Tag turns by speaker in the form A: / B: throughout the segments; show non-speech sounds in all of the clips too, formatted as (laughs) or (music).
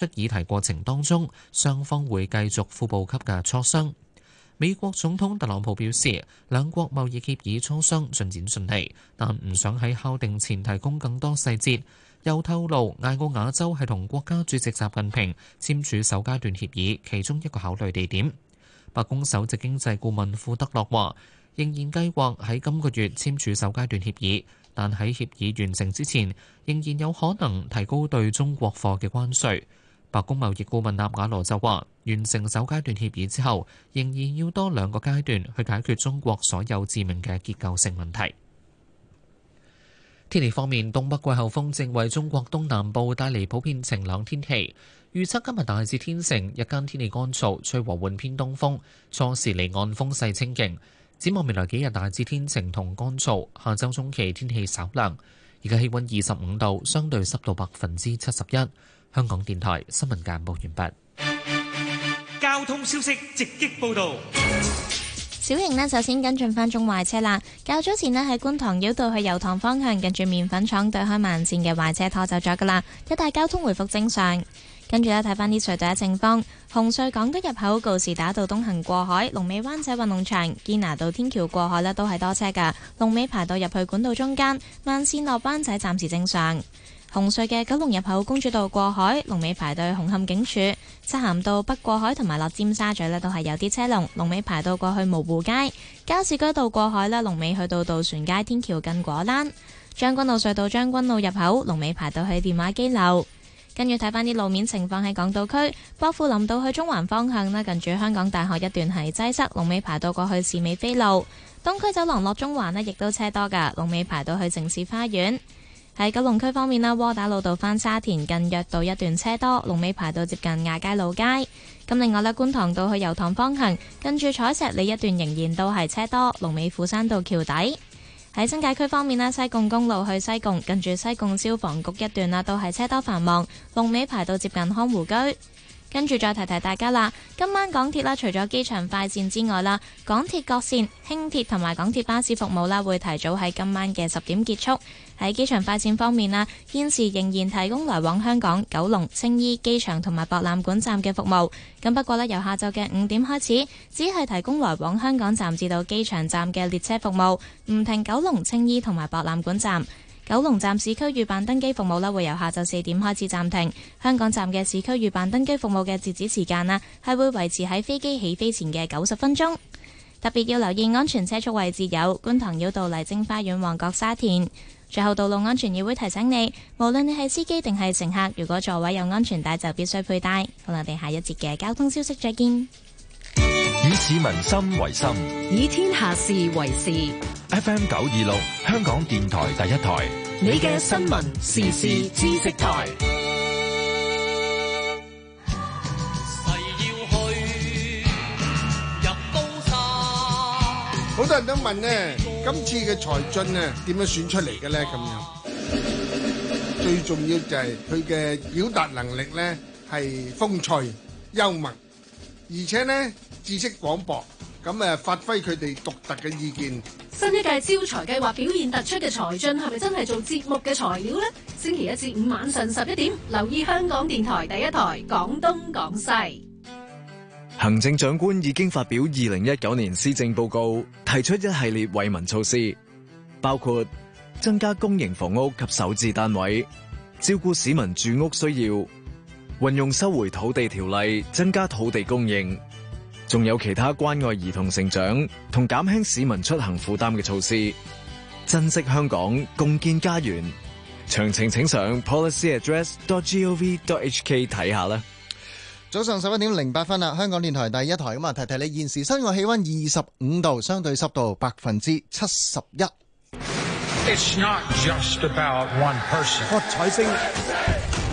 A: 的議題過程當中，雙方會繼續副部級嘅磋商。美國總統特朗普表示，兩國貿易協議磋商進展順利，但唔想喺敲定前提供更多細節。又透露，艾奧瓦州係同國家主席習近平簽署首階段協議其中一個考慮地點。白宮首席經濟顧問庫德洛話，仍然計劃喺今個月簽署首階段協議，但喺協議完成之前，仍然有可能提高對中國貨嘅關稅。白宮貿易顧問納瓦羅就話，完成首階段協議之後，仍然要多兩個階段去解決中國所有致命嘅結構性問題。天氣方面，東北季候風正為中國東南部帶嚟普遍晴朗天氣。預測今日大致天晴，日間天氣乾燥，吹和緩偏東風，初時離岸風勢清勁。展望未來幾日大致天晴同乾燥，下週中期天氣稍涼。而家氣溫二十五度，相對濕度百分之七十一。香港電台新聞簡報完畢。交通消息直擊報道。
B: 小型呢，首先跟進翻中壞車啦。較早前呢，喺觀塘繞道去油塘方向，近住麵粉廠對開慢線嘅壞車拖走咗噶啦，一帶交通回復正常。跟住呢，睇翻啲隧道嘅情況，紅隧港島入口告示，打到東行告士打道東行過海、龍尾灣仔運動場、堅拿道天橋過海呢都係多車嘅，龍尾排到入去管道中間，慢線落灣仔暫時正常。紅隧嘅九龍入口公主道過海，龍尾排隊紅磡警署；漆咸道北過海同埋落尖沙咀咧，都係有啲車龍，龍尾排到過去蕪湖街；加士居道過海咧，龍尾去到渡船街天橋近果欄；將軍澳隧道將軍澳入口龍尾排到去電話機樓。跟住睇翻啲路面情況，喺港島區，薄扶林道去中環方向咧，近住香港大學一段係擠塞，龍尾排到過去士美菲路；東區走廊落中環咧，亦都車多噶，龍尾排到去城市花園。喺九龍區方面啦，窩打老道返沙田近約道一段車多，龍尾排到接近亞皆老街。咁另外呢，觀塘道去油塘方向，跟住彩石里一段仍然都係車多，龍尾虎山道橋底。喺新界區方面呢，西貢公路去西貢，跟住西貢消防局一段啊，都係車多繁忙，龍尾排到接近康湖居。跟住再提提大家啦，今晚港鐵啦，除咗機場快線之外啦，港鐵各線、輕鐵同埋港鐵巴士服務啦，會提早喺今晚嘅十點結束。喺機場快線方面啦，現時仍然提供來往香港、九龍、青衣機場同埋博覽館站嘅服務。咁不過呢，由下晝嘅五點開始，只係提供來往香港站至到機場站嘅列車服務，唔停九龍、青衣同埋博覽館站。九龍站市區預辦登機服務啦，會由下晝四點開始暫停。香港站嘅市區預辦登機服務嘅截止時間啊，係會維持喺飛機起飛前嘅九十分鐘。特別要留意安全車速位置有觀塘繞道、麗晶花園、旺角、沙田。最後，道路安全議會提醒你，無論你係司機定係乘客，如果座位有安全帶就必須佩戴。好啦，我哋下一節嘅交通消息再見。
C: 以市民心為心，
B: 以天下事為事。
C: F M 九二六，香港電台第一台，
A: 你嘅新聞時事知識台。好
D: 多人都問呢，今次嘅才俊呢點樣選出嚟嘅呢？咁樣最重要就係佢嘅表達能力呢，係風趣幽默，而且呢知識廣博，咁誒
A: 發揮佢哋獨特嘅意見。
E: 新一屆招財計劃表現突出嘅財進係咪真係做節目嘅材料呢？星期一至五晚上十一點，留意香港電台第一台《講東講西》。
F: 行政長官已經發表二零一九年施政報告，提出一系列惠民措施，包括增加公營房屋及首置單位，照顧市民住屋需要；運用收回土地條例，增加土地供應。仲有其他關愛兒童成長同減輕市民出行負擔嘅措施，珍惜香港，共建家園。詳情請上 policyaddress.gov.hk 睇下啦。
D: 早上十一點零八分啦，香港電台第一台啊嘛，提提你現時室外氣溫二十五度，相對濕度百分之七十一。
B: It's not
G: just about one person. 哦，彩星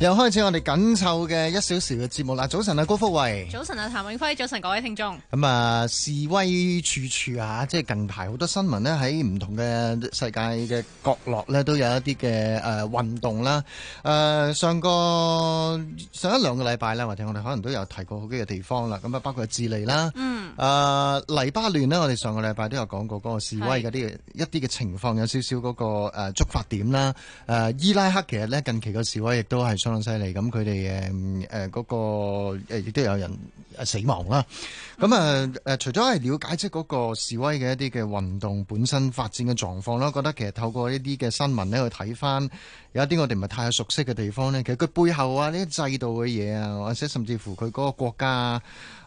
D: 又開始我哋緊湊嘅一小時嘅節目啦。早晨啊，高福慧；早晨啊，譚永
F: 輝；早晨各位聽眾。
D: 咁啊，示威處處啊，即係近排好多新聞呢，喺唔同嘅世界嘅角落呢，都有一啲嘅誒運動啦。誒、 (laughs) 啊，上個上一兩個禮拜呢，或者我哋可能都有提過好幾個地方啦。咁啊，包括智利啦，嗯，誒、啊，黎巴嫩呢，我哋上個禮拜都有講過嗰個示威嗰啲一啲嘅情況，有少少嗰個誒觸發點啦。誒、啊，伊拉克其實呢，近期個示威亦都係。相當犀利，咁佢哋誒嗰個亦都有人死亡啦。咁啊、呃、除咗係了解即嗰個示威嘅一啲嘅運動本身發展嘅狀況啦，覺得其實透過呢啲嘅新聞咧去睇翻有一啲我哋唔係太熟悉嘅地方咧，其實佢背後啊呢啲制度嘅嘢啊，或者甚至乎佢嗰個國家、啊。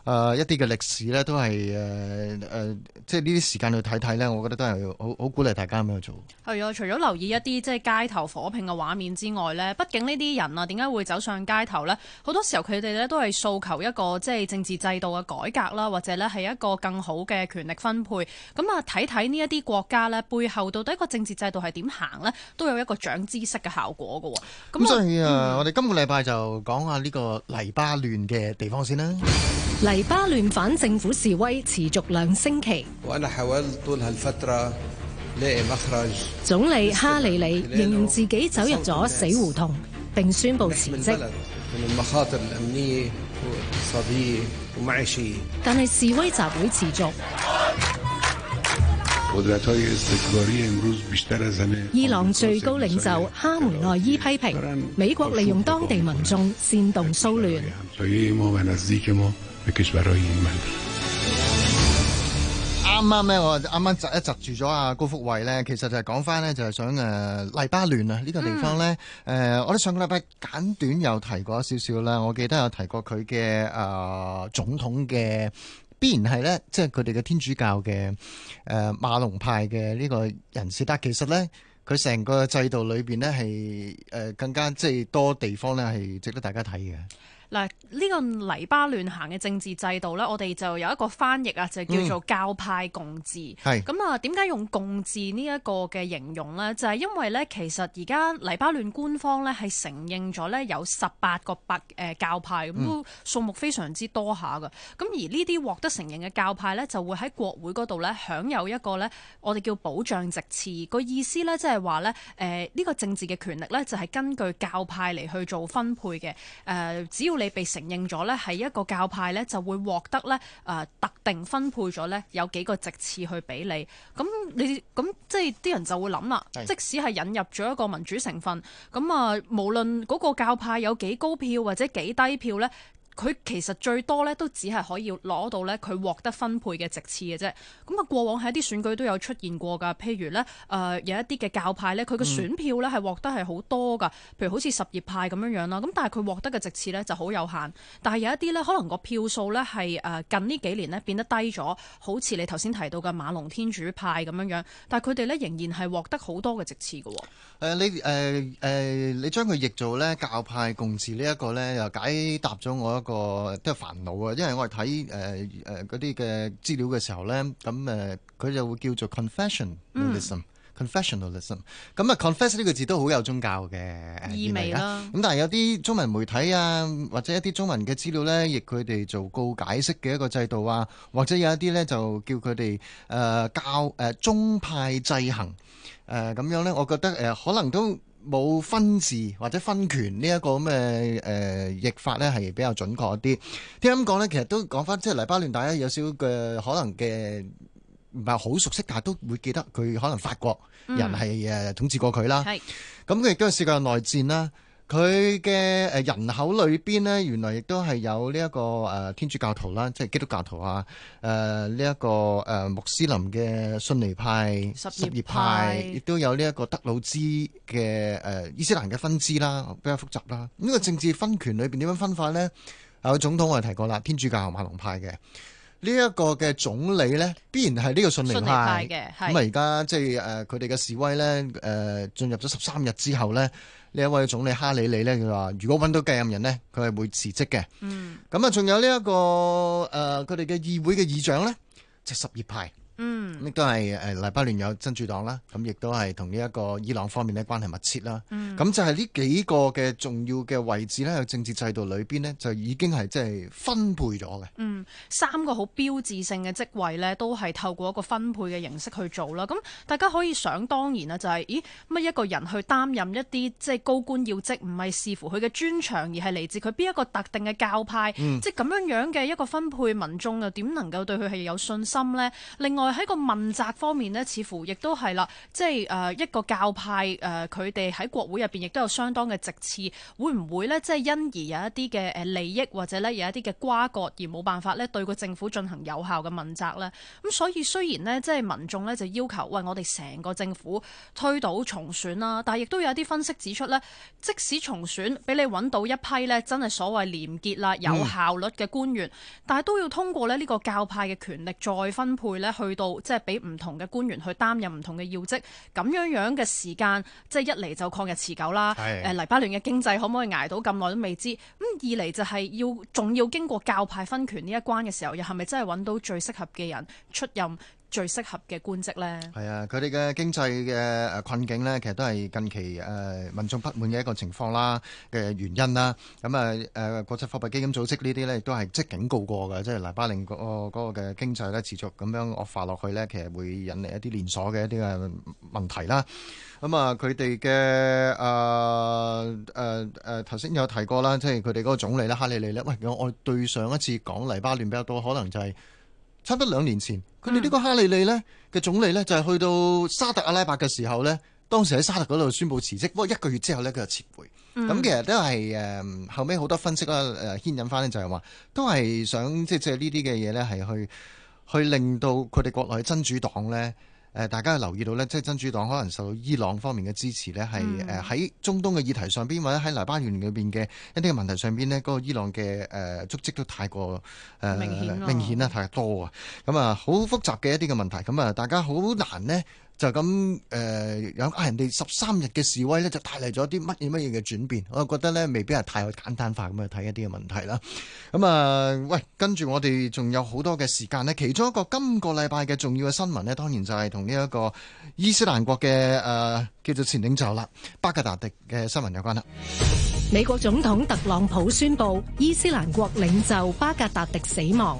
D: 誒、呃、一啲嘅歷史咧，都係誒誒，即係呢啲時間去睇睇咧，我覺得都係要好好鼓勵大家咁樣做
F: 的。係啊，除咗留意一啲即係街頭火拼嘅畫面之外咧，畢竟呢啲人啊，點解會走上街頭咧？好多時候佢哋咧都係訴求一個即係政治制度嘅改革啦，或者咧係一個更好嘅權力分配。咁啊，睇睇呢一啲國家呢背後到底一個政治制度係點行呢，都有一個長知識嘅效果㗎喎。
D: 咁、嗯、所以啊，嗯、我哋今個禮拜就講下呢個黎巴嫩嘅地方先啦。
E: 巴嫩反政府示威持續兩星期。總理哈里里形容自己走入咗死胡同，並宣布辭職。但係示威集會持續。
C: (music)
E: 伊朗最高領袖哈梅內伊批評美國利用當地民眾煽動騷
C: 亂。 (music)
E: 啱啱咧，我啱啱窒
D: 一窒住咗阿高福衛咧，其實就係講翻咧，就係、是、想誒、啊、黎巴嫩啊呢、這個地方咧，誒、嗯呃、我哋上個禮拜簡短又提過少少啦。我記得有提過佢嘅誒總統嘅必然係咧，即係佢哋嘅天主教嘅誒、呃、馬龍派嘅呢個人士。但其實咧，佢成個制度裏邊咧係誒更加即係多地方咧係值得大家睇嘅。
F: 嗱，呢個黎巴嫩行嘅政治制度咧，我哋就有一個翻譯啊，就叫做教派共治。咁、嗯、啊，點解用共治呢一個嘅形容咧？就係、是、因為咧，其實而家黎巴嫩官方咧係承認咗咧有十八個百誒教派，咁都數目非常之多下嘅。咁而呢啲獲得承認嘅教派咧，就會喺國會嗰度咧，享有一個咧，我哋叫保障席次。個意思咧，即係話咧，誒、這、呢個政治嘅權力咧，就係根據教派嚟去做分配嘅。誒、呃、只要你被承認咗呢，係一個教派呢，就會獲得呢，誒特定分配咗呢，有幾個席次去俾你。咁你咁即係啲人就會諗啦，即使係引入咗一個民主成分，咁啊，無論嗰個教派有幾高票或者幾低票呢。佢其實最多咧都只係可以攞到咧佢獲得分配嘅席次嘅啫。咁啊過往喺一啲選舉都有出現過㗎。譬如呢，誒有一啲嘅教派呢，佢嘅選票呢係獲得係好多㗎、嗯。譬如好似什葉派咁樣樣啦。咁但係佢獲得嘅席次呢就好有限。但係有一啲呢，可能個票數呢係誒近呢幾年呢變得低咗。好似你頭先提到嘅馬龍天主派咁樣樣，但係佢哋呢仍然係獲得好多嘅席次㗎喎、呃。你
D: 誒誒、呃呃、你將佢譯做呢教派共治呢一個呢，又解答咗我。個都係煩惱啊！因為我係睇誒誒嗰啲嘅資料嘅時候咧，咁誒佢就會叫做 confessionalism，confessionalism、嗯。咁 Confessionalism 啊、嗯，confess 呢個字都好有宗教嘅意味啦。咁但係有啲中文媒體啊，或者一啲中文嘅資料咧，亦佢哋做告解式嘅一個制度啊，或者有一啲咧就叫佢哋誒教誒宗、呃、派制衡。誒、呃、咁樣咧，我覺得誒、呃、可能都。冇分治或者分權呢、這、一個咁嘅誒譯法咧，係比較準確啲。聽咁講咧，其實都講翻即係黎巴嫩大咧，有少少嘅可能嘅唔係好熟悉，但都會記得佢可能法國人係誒、嗯、統治過佢啦。咁，佢都陣時個內戰啦。佢嘅人口裏邊呢，原來亦都係有呢一個誒天主教徒啦，即係基督教徒啊，誒呢一個誒穆斯林嘅遜尼派、什葉派，亦都有呢一個德魯茲嘅誒伊斯蘭嘅分支啦，比較複雜啦。呢、呢個政治分權裏邊點樣分法呢？有總統我哋提過啦，天主教同馬龍派嘅呢一個嘅總理呢，必然係呢個遜尼派嘅。咁啊，而家即係誒佢哋嘅示威呢，誒進入咗十三日之後呢。呢一位總理哈里里呢，佢話：如果揾到繼任人呢，佢係會辭職嘅。咁、嗯、啊，仲有呢、這、一個誒，佢哋嘅議會嘅議長呢，就係、十二派。嗯，亦都係誒黎巴嫩有真主黨啦，咁亦都係同呢一個伊朗方面呢關係密切啦。咁、嗯、就係呢幾個嘅重要嘅位置呢，喺政治制度裏邊呢，就已經係即係分配咗嘅。嗯，
F: 三個好標誌性嘅職位呢，都係透過一個分配嘅形式去做啦。咁大家可以想當然啦、就是，就係咦乜一個人去擔任一啲即係高官要職，唔係視乎佢嘅專長，而係嚟自佢邊一個特定嘅教派。嗯、即係咁樣樣嘅一個分配，民眾又點能夠對佢係有信心呢？另外。喺個問責方面呢，似乎亦都係啦，即係誒一個教派誒，佢哋喺國會入邊亦都有相當嘅席次，會唔會呢？即係因而有一啲嘅誒利益或者呢有一啲嘅瓜葛而冇辦法呢對個政府進行有效嘅問責呢？咁所以雖然呢，即係民眾呢就要求喂，我哋成個政府推倒重選啦，但係亦都有一啲分析指出呢，即使重選俾你揾到一批呢真係所謂廉潔啦、有效率嘅官員，嗯、但係都要通過呢呢個教派嘅權力再分配呢去到即係俾唔同嘅官員去擔任唔同嘅要職，咁樣樣嘅時間，即係一嚟就抗日持久啦，誒黎巴嫩嘅經濟可唔可以捱到咁耐都未知，咁二嚟就係要仲要經過教派分權呢一關嘅時候，又係咪真係揾到最適合嘅人出任？最適合嘅官職咧，
D: 係啊，佢哋嘅經濟嘅誒困境咧，其實都係近期誒民眾不滿嘅一個情況啦嘅原因啦。咁啊，誒國際貨幣基金組織呢啲咧，亦都係即係警告過嘅，即係黎巴嫩嗰個嗰個嘅經濟咧持續咁樣惡化落去咧，其實會引嚟一啲連鎖嘅一啲嘅問題啦。咁啊，佢哋嘅啊誒誒頭先有提過啦，即係佢哋嗰個總理啦哈里利咧。喂，我我對上一次講黎巴嫩比較多，可能就係。差唔多兩年前，佢哋呢個哈利利呢嘅總理呢，就係去到沙特阿拉伯嘅時候呢。當時喺沙特嗰度宣布辭職，不過一個月之後呢，佢就撤回。咁、嗯、其實都係誒、呃、後尾好多分析啦，誒、呃、牽引翻呢，就係話都係想即係呢啲嘅嘢呢，係去去令到佢哋國內嘅真主黨呢。誒、呃，大家留意到呢，即係真主黨可能受到伊朗方面嘅支持呢，係誒喺中東嘅議題上邊，或者喺黎巴嫩裏邊嘅一啲嘅問題上邊呢、個伊朗嘅誒、呃、足跡都太過誒、呃、明顯啦，太多啊，咁啊，好複雜嘅一啲嘅問題，咁啊，大家好難呢。就咁誒有啊！人哋十三日嘅示威咧，就帶嚟咗啲乜嘢乜嘢嘅轉變。我覺得咧，未必係太去簡單化咁去睇一啲嘅問題啦。咁啊，喂，跟住我哋仲有好多嘅時間呢，其中一個今個禮拜嘅重要嘅新聞呢，當然就係同呢一個伊斯蘭國嘅誒、呃、叫做前領袖啦，巴格達迪嘅新聞有
E: 關啦。美國總統特朗普宣布伊斯蘭國領袖巴格達迪死亡。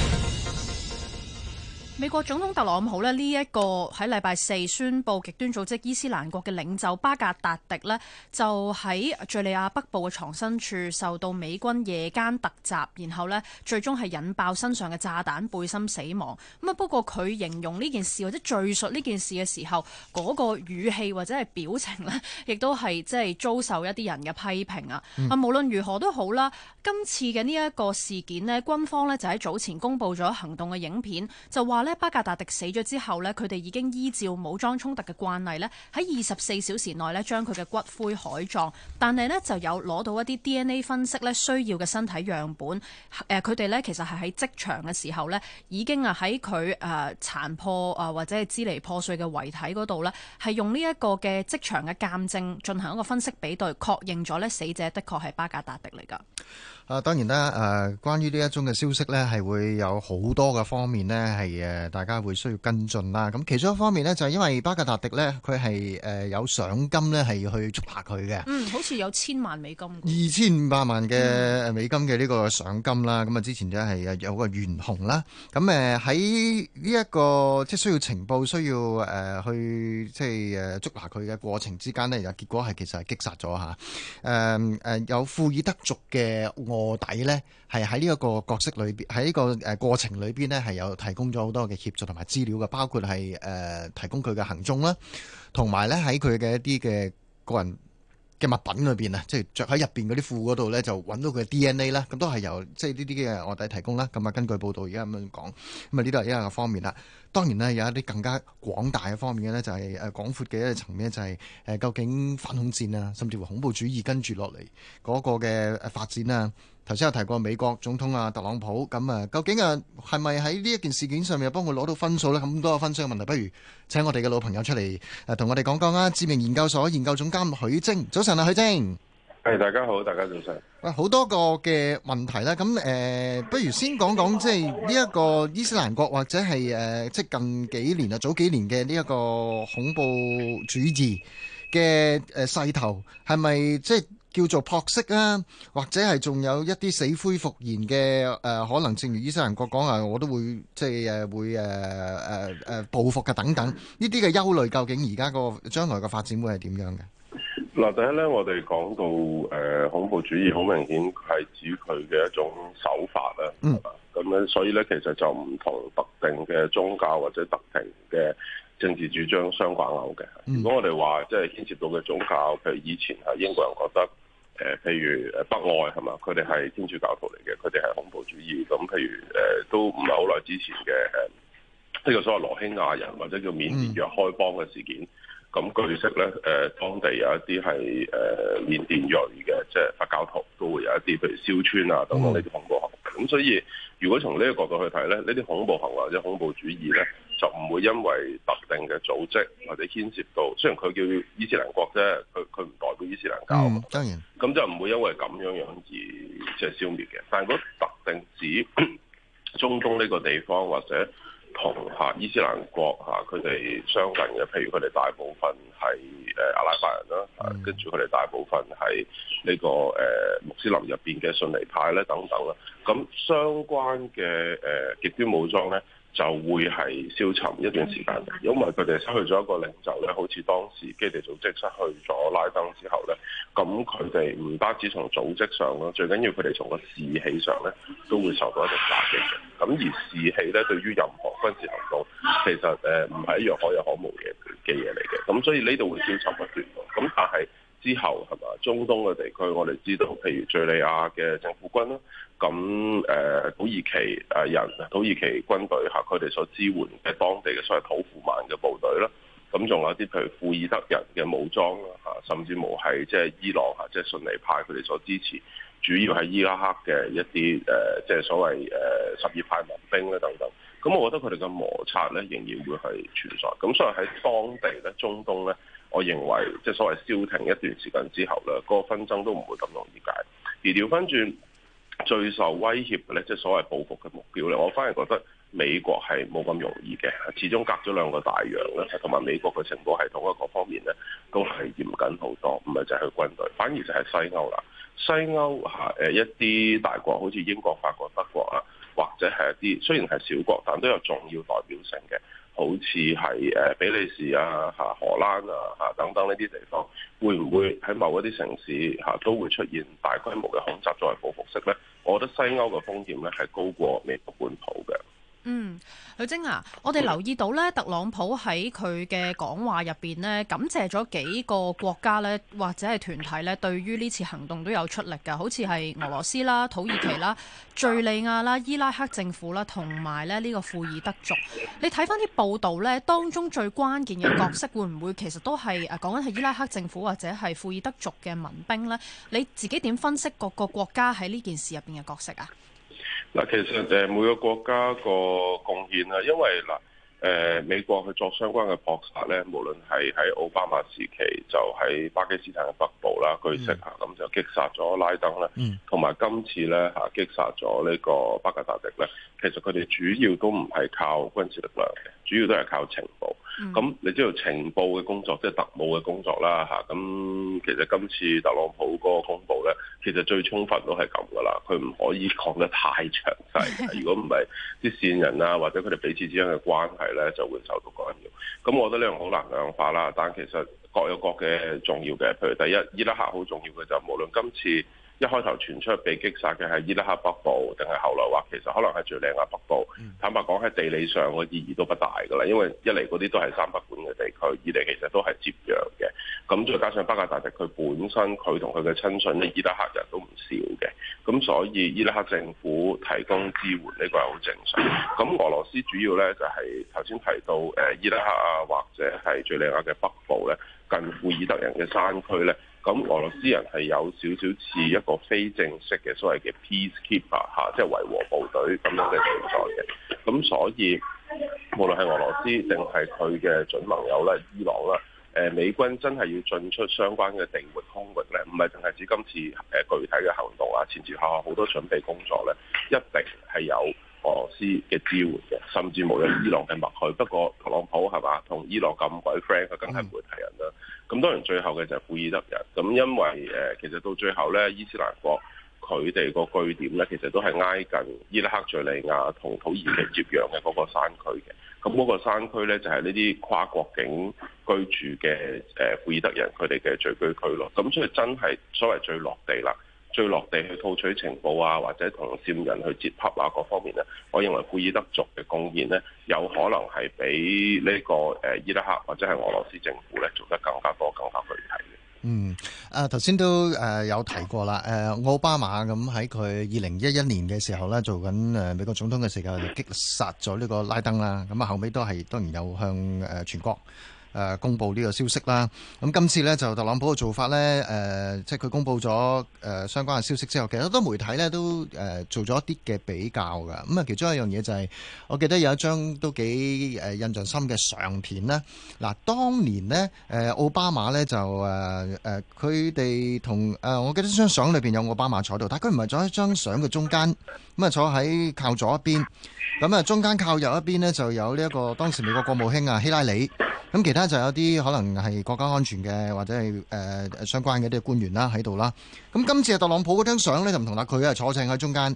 F: 美國總統特朗普呢，呢、這、一個喺禮拜四宣布，極端組織伊斯蘭國嘅領袖巴格達迪呢，就喺敘利亞北部嘅藏身處受到美軍夜間突襲，然後呢最終係引爆身上嘅炸彈背心死亡。咁啊，不過，佢形容呢件事或者敘述呢件事嘅時候，嗰、那個語氣或者係表情呢，亦都係即係遭受一啲人嘅批評啊。啊、嗯，無論如何都好啦，今次嘅呢一個事件呢，軍方呢就喺早前公布咗行動嘅影片，就話呢。喺巴格達迪死咗之後呢，佢哋已經依照武裝衝突嘅慣例呢，喺二十四小時內咧將佢嘅骨灰海葬。但係呢，就有攞到一啲 DNA 分析咧需要嘅身體樣本。誒，佢哋呢其實係喺職場嘅時候呢，已經啊喺佢誒殘破啊或者係支離破碎嘅遺體嗰度呢，係用呢一個嘅職場嘅鑑證進行一個分析比對，確認咗呢死者的確係巴格達迪嚟㗎。
D: 啊，當然啦！誒、啊，關於呢一宗嘅消息呢，係會有好多嘅方面呢，係誒，大家會需要跟進啦。咁、啊、其中一方面呢，就係、是、因為巴格達迪呢，佢係誒有賞金呢，係去捉拿佢嘅。嗯，
F: 好似有千萬美金。
D: 二千五百萬嘅美金嘅呢個賞金啦。咁、嗯、啊，之前就係有個懸紅啦。咁誒喺呢一個、啊這個、即係需要情報、需要誒、啊、去即係誒捉拿佢嘅過程之間呢，又結果係其實係擊殺咗嚇。誒、啊、誒、啊，有庫爾德族嘅臥底咧，係喺呢一個角色裏邊，喺呢個誒過程裏邊呢，係有提供咗好多嘅協助同埋資料嘅，包括係誒、呃、提供佢嘅行蹤啦，同埋咧喺佢嘅一啲嘅個人嘅物品裏邊啊，即係着喺入邊嗰啲褲嗰度咧，就揾到佢嘅 DNA 啦，咁都係由即係呢啲嘅臥底提供啦。咁啊，根據報道而家咁樣講，咁啊呢度係一樣嘅方面啦。當然咧，有一啲更加廣大嘅方面嘅咧，就係誒廣闊嘅一個層面，就係誒究竟反恐戰啊，甚至乎恐怖主義跟住落嚟嗰個嘅誒發展啊。頭先有提過美國總統啊特朗普，咁啊究竟啊係咪喺呢一件事件上面幫佢攞到分數呢？咁多個分數嘅問題，不如請我哋嘅老朋友出嚟誒同我哋講講啊，智明研究所研究總監許晶，早晨啊許晶。誒
C: 大家好，大家早晨。
D: 喂，好多個嘅問題啦，咁誒，不如先講講即係呢一個伊斯蘭國或者係誒即係近幾年啊早幾年嘅呢一個恐怖主義嘅誒勢頭係咪即係？叫做撲熄啊，或者係仲有一啲死灰復燃嘅誒，可能正如伊斯蘭國講啊，我都會即係誒會誒誒誒報復嘅等等，呢啲嘅憂慮究竟而家個將來個發展會係點樣嘅？
C: 嗱，第一咧，我哋講到誒恐怖主義，好明顯係指佢嘅一種手法啦，嗯，咁樣，所以咧，其實就唔同特定嘅宗教或者特定嘅。政治主張相反偶嘅。如果我哋話即係牽涉到嘅宗教，譬如以前係英國人覺得，誒、呃、譬如北愛係嘛，佢哋係天主教徒嚟嘅，佢哋係恐怖主義。咁譬如誒、呃、都唔係好耐之前嘅誒，呢、呃、個所謂羅興亞人或者叫緬甸若開邦嘅事件。咁、嗯、據悉咧，誒、呃、當地有一啲係誒緬甸裔嘅，即、就、係、是、佛教徒，都會有一啲譬如燒村啊等等呢啲恐怖行。咁、嗯、所以如果從呢個角度去睇咧，呢啲恐怖行為或者恐怖主義咧。就唔會因為特定嘅組織或者牽涉到，雖然佢叫伊斯蘭國啫，佢佢唔代表伊斯蘭教。嘛、嗯。當然。咁就唔會因為咁樣樣而即係消滅嘅。但係嗰特定指中東呢個地方，或者同吓伊斯蘭國吓佢哋相近嘅，譬如佢哋大部分係誒阿拉伯人啦，跟住佢哋大部分係呢、呢個誒、呃、穆斯林入邊嘅遜尼派咧等等啦。咁相關嘅誒、呃、極端武裝咧。就會係消沉一段時間嘅，因為佢哋失去咗一個領袖咧，好似當時基地組織失去咗拉登之後咧，咁佢哋唔單止從組織上啦，最緊要佢哋從個士氣上咧都會受到一啲打擊嘅。咁而士氣咧，對於任何軍事行動，其實誒唔係一樣可有可無嘅嘅嘢嚟嘅。咁所以呢度會消沉一段咯。咁但係。之後係嘛？中東嘅地區，我哋知道，譬如敍利亞嘅政府軍啦，咁誒、呃、土耳其誒人、土耳其軍隊嚇佢哋所支援嘅當地嘅所謂的土庫曼嘅部隊啦，咁仲有啲譬如庫爾德人嘅武裝啦嚇，甚至無係即係伊朗嚇、啊、即係順利派佢哋所支持，主要係伊拉克嘅一啲誒、呃、即係所謂誒、呃、十二派民兵咧等等。咁我覺得佢哋嘅摩擦咧仍然會係存在。咁所以喺當地咧，中東咧。我認為即係所謂消停一段時間之後咧，個紛爭都唔會咁容易解。而調翻轉最受威脅咧，即係所謂報復嘅目標咧，我反而覺得美國係冇咁容易嘅，始終隔咗兩個大洋啦，同埋美國嘅情報系統啊各方面咧都係嚴謹好多，唔係就係軍隊，反而就係西歐啦。西歐嚇誒一啲大國，好似英國、法國、德國啊，或者係一啲雖然係小國，但都有重要代表性嘅。好似係誒比利時啊、嚇荷蘭啊、嚇等等呢啲地方，會唔會喺某一啲城市嚇都會出現大規模嘅恐襲作為報復式咧？我覺得西歐嘅風險咧係高過美國本土
F: 嘅。嗯，呂晶啊，我哋留意到咧，特朗普喺佢嘅講話入邊咧，感謝咗幾個國家咧，或者係團體咧，對於呢次行動都有出力噶，好似係俄羅斯啦、土耳其啦、敘利亞啦、伊拉克政府啦，同埋咧呢個庫爾德族。你睇翻啲報道咧，當中最關鍵嘅角色會唔會其實都係誒講緊係伊拉克政府或者係庫爾德族嘅民兵咧？你自己點分析各個國家喺呢件事入邊嘅角色啊？
C: 嗱，其實誒每個國家個貢獻啦，因為嗱，誒、呃、美國佢作相關嘅撲殺咧，無論係喺奧巴馬時期就喺巴基斯坦嘅北部啦，據悉嚇，咁就擊殺咗拉登啦，同、嗯、埋今次咧嚇擊殺咗呢個巴格達迪咧，其實佢哋主要都唔係靠軍事力量嘅，主要都係靠情報。咁、嗯、你知道情報嘅工作，即係特務嘅工作啦吓。咁其實今次特朗普嗰個公布咧，其實最充分都係咁噶啦。佢唔可以講得太詳細， (laughs) 如果唔係，啲線人啊或者佢哋彼此之間嘅關係咧就會受到干擾。咁我覺得呢樣好難量化啦。但其實各有各嘅重要嘅。譬如第一，伊拉克好重要嘅就係、無論今次。一開頭傳出被擊殺嘅係伊拉克北部，定係後來話其實可能係敍利亞北部。坦白講喺地理上個意義都不大㗎啦，因為一嚟嗰啲都係三不管嘅地區，二嚟其實都係接壤嘅。咁再加上巴格達迪佢本身佢同佢嘅親信呢，伊拉克人都唔少嘅。咁所以伊拉克政府提供支援呢、呢個係好正常。咁俄羅斯主要呢就係頭先提到誒伊拉克啊，或者係敍利亞嘅北部呢，近庫爾德人嘅山區呢。咁俄羅斯人係有少少似一個非正式嘅所謂嘅 peacekeeper、吓、即係維和部隊咁樣嘅存在嘅。咁所以，無論係俄羅斯定係佢嘅準盟友咧，伊朗啦、啊，美軍真係要進出相關嘅地盤空域咧，唔係淨係指今次誒具體嘅行動次啊，前前後後好多準備工作咧，一定係有。俄羅斯嘅支援嘅，甚至無論伊朗係默許，不過特朗普係嘛同伊朗咁鬼 friend，佢梗係唔會提人啦。咁當然最後嘅就係庫爾德人，咁因為誒其實到最後咧，伊斯蘭國佢哋個據點咧，其實都係挨近伊拉克敍利亞同土耳其接壤嘅嗰個山區嘅。咁嗰個山區咧就係呢啲跨國境居住嘅誒庫爾德人佢哋嘅聚居區咯。咁所以真係所謂最落地啦。最落地去套取情報啊，或者同線人去接洽啊，各方面呢，我認為庫爾德族嘅貢獻呢，有可能係比呢個誒伊拉克或者係俄羅斯政府呢做得更加多、更加具
D: 體。嗯，誒頭先都誒有提過啦，誒、啊、奧巴馬咁喺佢二零一一年嘅時候呢，做緊誒美國總統嘅時候就擊殺咗呢個拉登啦，咁啊後尾都係當然有向誒全國。誒、呃、公佈呢個消息啦，咁、嗯、今次呢，就特朗普嘅做法呢，誒、呃、即係佢公佈咗誒相關嘅消息之後，其實好多媒體呢都誒、呃、做咗一啲嘅比較㗎。咁、嗯、啊，其中一樣嘢就係、是，我記得有一張都幾誒、呃、印象深嘅相片啦。嗱、啊，當年呢，誒、呃、奧巴馬呢，就誒佢哋同誒、呃，我記得張相裏面有奧巴馬坐度，但佢唔係坐喺張相嘅中間，咁啊坐喺靠左一邊。咁、嗯、啊、嗯，中間靠右一邊呢，就有呢、這、一個當時美國國務卿啊希拉里。咁其他就有啲可能係國家安全嘅，或者係誒、呃、相關嘅啲官員啦喺度啦。咁、啊、今次啊，特朗普嗰張相咧就唔同啦，佢就坐正喺中間。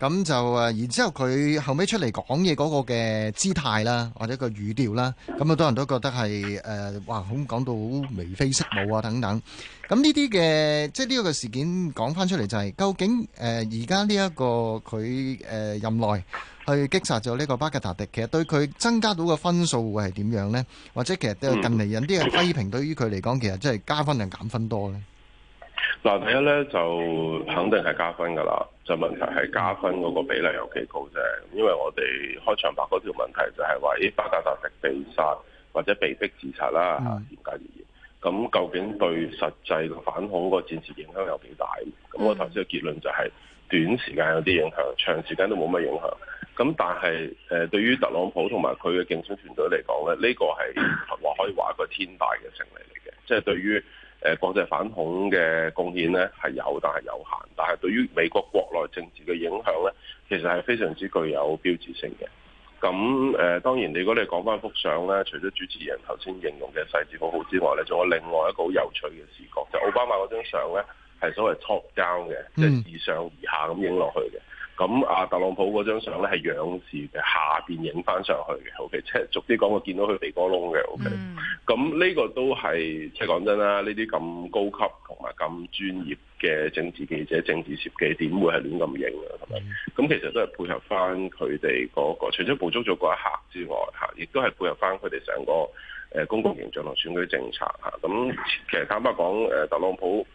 D: 咁就誒，然之後佢後尾出嚟講嘢嗰個嘅姿態啦，或者一個語調啦，咁好多人都覺得係誒、呃，哇，好講到眉飛色舞啊等等。咁呢啲嘅，即係呢個嘅事件講翻出嚟就係、是，究竟誒而家呢一個佢誒、呃、任內。去擊殺咗呢個巴格達迪，其實對佢增加到個分數會係點樣呢？或者其實對近嚟人啲批評，對於佢嚟講，其實真係加分量減分多呢？
C: 嗱、嗯嗯嗯嗯，第一呢就肯定係加分噶啦，就問題係加分嗰個比例有幾高啫。因為我哋開場白嗰條問題就係話，巴格達迪被殺或者被逼自殺啦，嚴、嗯、格而言，咁究竟對實際反恐個戰事影響有幾大？咁我頭先個結論就係短時間有啲影響、嗯，長時間都冇乜影響。咁但係誒對於特朗普同埋佢嘅競選團隊嚟講咧，呢、這個係可以話個天大嘅勝利嚟嘅。即、就、係、是、對於國際反恐嘅貢獻咧，係有，但係有限。但係對於美國國內政治嘅影響咧，其實係非常之具有標誌性嘅。咁誒、呃、當然，如果你講翻幅相咧，除咗主持人頭先形容嘅細緻好好之外咧，仲有另外一個好有趣嘅視覺，就奧、是、巴馬嗰張相咧係所謂 top down 嘅，即係自上而下咁影落去嘅。嗯咁啊，特朗普嗰張相咧係仰視嘅，下邊影翻上去嘅，OK。即係逐啲講，我見到佢鼻哥窿嘅，OK。咁呢個都係即係講真啦，呢啲咁高級同埋咁專業嘅政治記者、政治攝記，點會係亂咁影嘅？咁、mm. 咁其實都係配合翻佢哋嗰個，除咗捕捉咗嗰一刻之外，亦都係配合翻佢哋成個公共形象同選舉政策。咁其實坦白講，誒特朗普。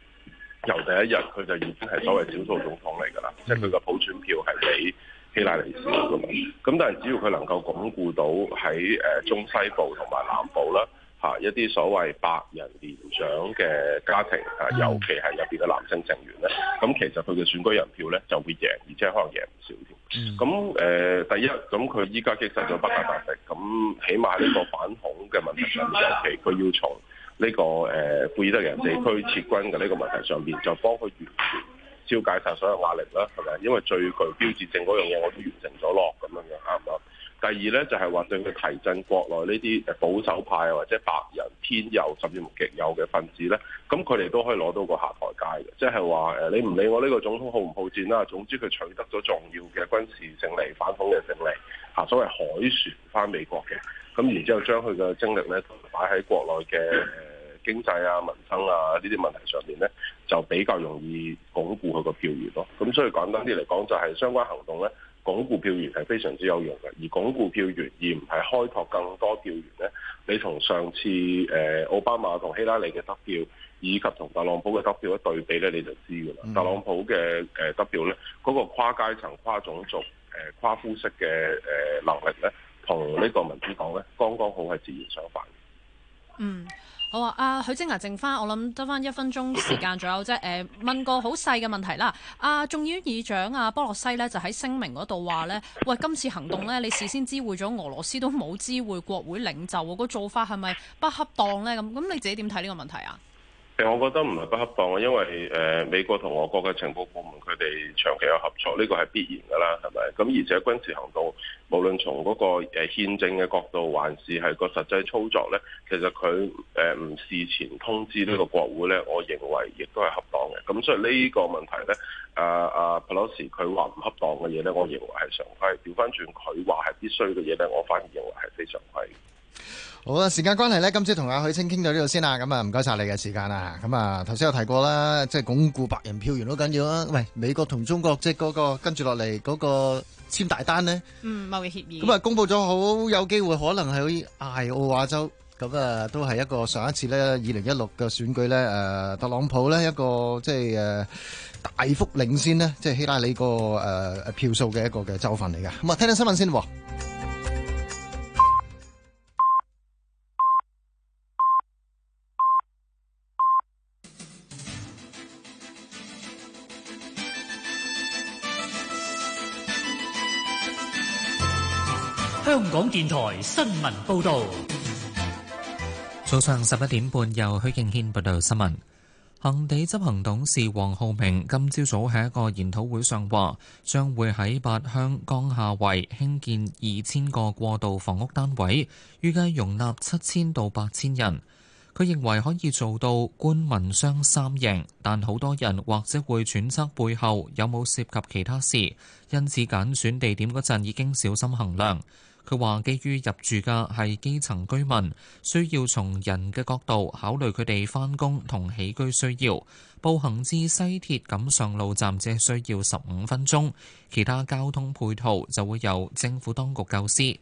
C: 由第一日佢就已經係所謂少數總統嚟㗎啦，即係佢個普選票係比希拉里少㗎嘛。咁但係只要佢能夠鞏固到喺誒、呃、中西部同埋南部啦，嚇、啊、一啲所謂白人年長嘅家庭，嚇、啊、尤其係入邊嘅男性成員咧，咁、嗯、其實佢嘅選舉人票咧就會贏，而且可能贏唔少添。咁、嗯、誒、嗯呃，第一咁佢依家擊斃咗巴格達迪，咁起碼呢個反恐嘅問題上，尤其佢要從。呢、這個誒庫爾德人地區撤軍嘅呢、這個問題上面，就幫佢完全消解晒所有壓力啦，係咪？因為最具標誌性嗰樣嘢我都完成咗咯咁樣，啱唔啱？第二咧就係、是、話對佢提振國內呢啲保守派或者白人偏右甚至極右嘅分子咧，咁佢哋都可以攞到個下台階嘅，即係話你唔理我呢個總統好唔好戰啦，總之佢取得咗重要嘅軍事勝利、反恐嘅勝利，吓所謂凱旋翻美國嘅，咁然之後將佢嘅精力咧擺喺國內嘅。經濟啊、民生啊呢啲問題上面呢，就比較容易鞏固佢個票源咯。咁所以簡單啲嚟講，就係相關行動呢，鞏固票源係非常之有用嘅。而鞏固票源而唔係開拓更多票源呢，你同上次誒奧巴馬同希拉里嘅得票，以及同特朗普嘅得票一對比呢，你就知噶啦。特朗普嘅誒得票呢，嗰個跨階層、跨種族、誒跨膚色嘅誒能力呢，同呢個民主黨呢，剛剛好係截然相反，嗯。
F: 我話啊許、啊、晶雅剩翻，我諗得翻一分鐘時間左右啫。誒、呃，問個好細嘅問題啦。啊眾議院議長啊波洛西呢就喺聲明嗰度話呢喂，今次行動呢你事先知會咗俄羅斯都冇知會國會領袖，個個做法係咪不,不恰當呢咁咁你自己點睇呢個問題啊？
C: 我覺得唔係不恰當嘅，因為誒美國同我國嘅情報部門佢哋長期有合作，呢個係必然嘅啦，係咪？咁而且軍事行動無論從嗰個誒憲政嘅角度，還是係個實際操作呢，其實佢誒唔事前通知呢個國會呢、嗯，我認為亦都係恰當嘅。咁所以呢個問題呢，啊啊佩洛西佢話唔恰當嘅嘢呢，我認為係常規；調翻轉佢話係必須嘅嘢呢，我反而認為係非常規。
D: 好啦，時間關係咧，今朝同阿許清傾到呢度先啦。咁啊，唔該晒你嘅時間啦。咁啊，頭先有提過啦，即係鞏固白人票源好緊要啊。喂，美國同中國即係嗰個跟住落嚟嗰個簽大單咧。嗯，
F: 貿易協議。咁啊，
D: 公布咗好有機會，可能係喺愛奧瓦州，咁啊，都係一個上一次咧，二零一六嘅選舉咧，誒，特朗普咧一個即係誒大幅領先咧，即係希拉里個誒票數嘅一個嘅州份嚟㗎。咁啊，聽聽新聞先。
A: 香港電台新聞報道，早上十一點半由，由許敬軒報道新聞。恒地執行董事黃浩明今朝早喺一個研討會上話，將會喺八鄉江夏圍興建二千個過渡房屋單位，預計容納七千到八千人。佢認為可以做到官民商三贏，但好多人或者會揣測背後有冇涉及其他事，因此揀選、選地點嗰陣已經小心衡量。佢話：基於入住嘅係基層居民，需要從人嘅角度考慮佢哋返工同起居需要。步行至西鐵錦上路站只需要十五分鐘，其他交通配套就會由政府當局構思。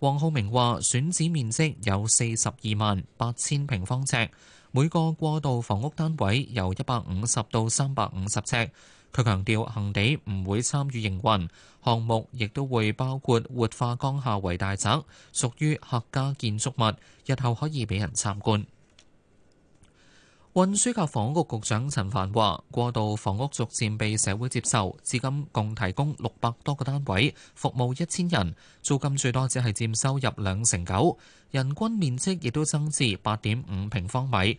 A: 黃浩明話：選址面積有四十二萬八千平方尺，每個過渡房屋單位由一百五十到三百五十尺。佢強調，恆地唔會參與營運，項目亦都會包括活化江夏圍大宅，屬於客家建築物，日後可以俾人參觀。運輸及房屋局局長陳帆話：過渡房屋逐漸被社會接受，至今共提供六百多個單位，服務一千人，租金最多只係佔收入兩成九，人均面積亦都增至八點五平方米。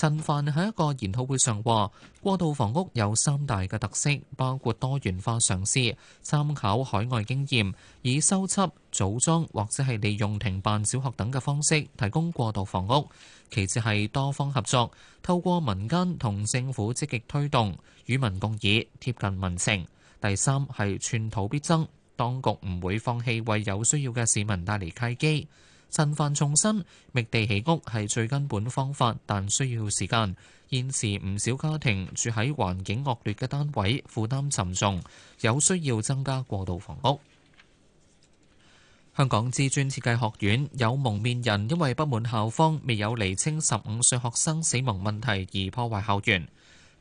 A: 陳帆喺一個研討會上話：過渡房屋有三大嘅特色，包括多元化嘗試、參考海外經驗，以修葺、組裝或者係利用停辦小學等嘅方式提供過渡房屋；其次係多方合作，透過民間同政府積極推動，與民共議，貼近民情；第三係寸土必爭，當局唔會放棄為有需要嘅市民帶嚟契機。陳帆重申，覓地起屋係最根本方法，但需要時間。現時唔少家庭住喺環境惡劣嘅單位，負擔沉重，有需要增加過渡房屋。香港知專設計學院有蒙面人因為不滿校方未有厘清十五歲學生死亡問題而破壞校園。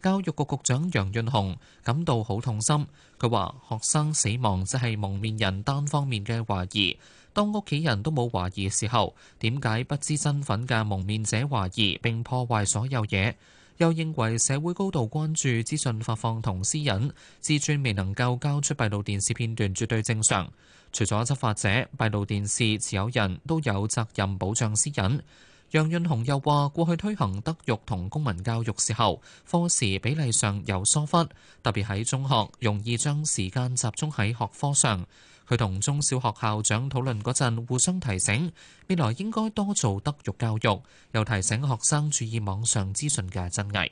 A: 教育局局長楊潤雄感到好痛心，佢話學生死亡即係蒙面人單方面嘅懷疑。當屋企人都冇懷疑嘅時候，點解不知身份嘅蒙面者懷疑並破壞所有嘢？又認為社會高度關注資訊發放同私隱，自傳未能夠交出閉路電視片段絕對正常。除咗執法者，閉路電視持有人都有責任保障私隱。楊潤雄又話：過去推行德育同公民教育時候，課時比例上有疏忽，特別喺中學，容易將時間集中喺學科上。佢同中小學校長討論嗰陣，互相提醒未來應該多做德育教育，又提醒學生注意網上資訊嘅真偽。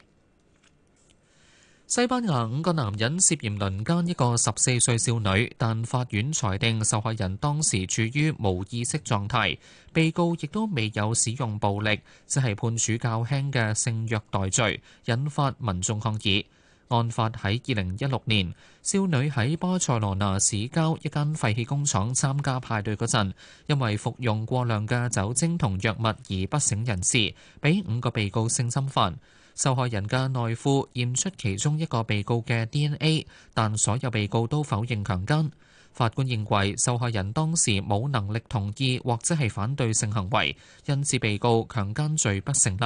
A: 西班牙五個男人涉嫌輪奸一個十四歲少女，但法院裁定受害人當時處於無意識狀態，被告亦都未有使用暴力，只係判處較輕嘅性虐待罪，引發民眾抗議。案發喺二零一六年，少女喺巴塞羅那市郊一間廢棄工廠參加派對嗰陣，因為服用過量嘅酒精同藥物而不省人事，俾五個被告性侵犯。受害人嘅內褲驗出其中一個被告嘅 DNA，但所有被告都否認強姦。法官認為受害人當時冇能力同意或者係反對性行為，因此被告強姦罪不成立，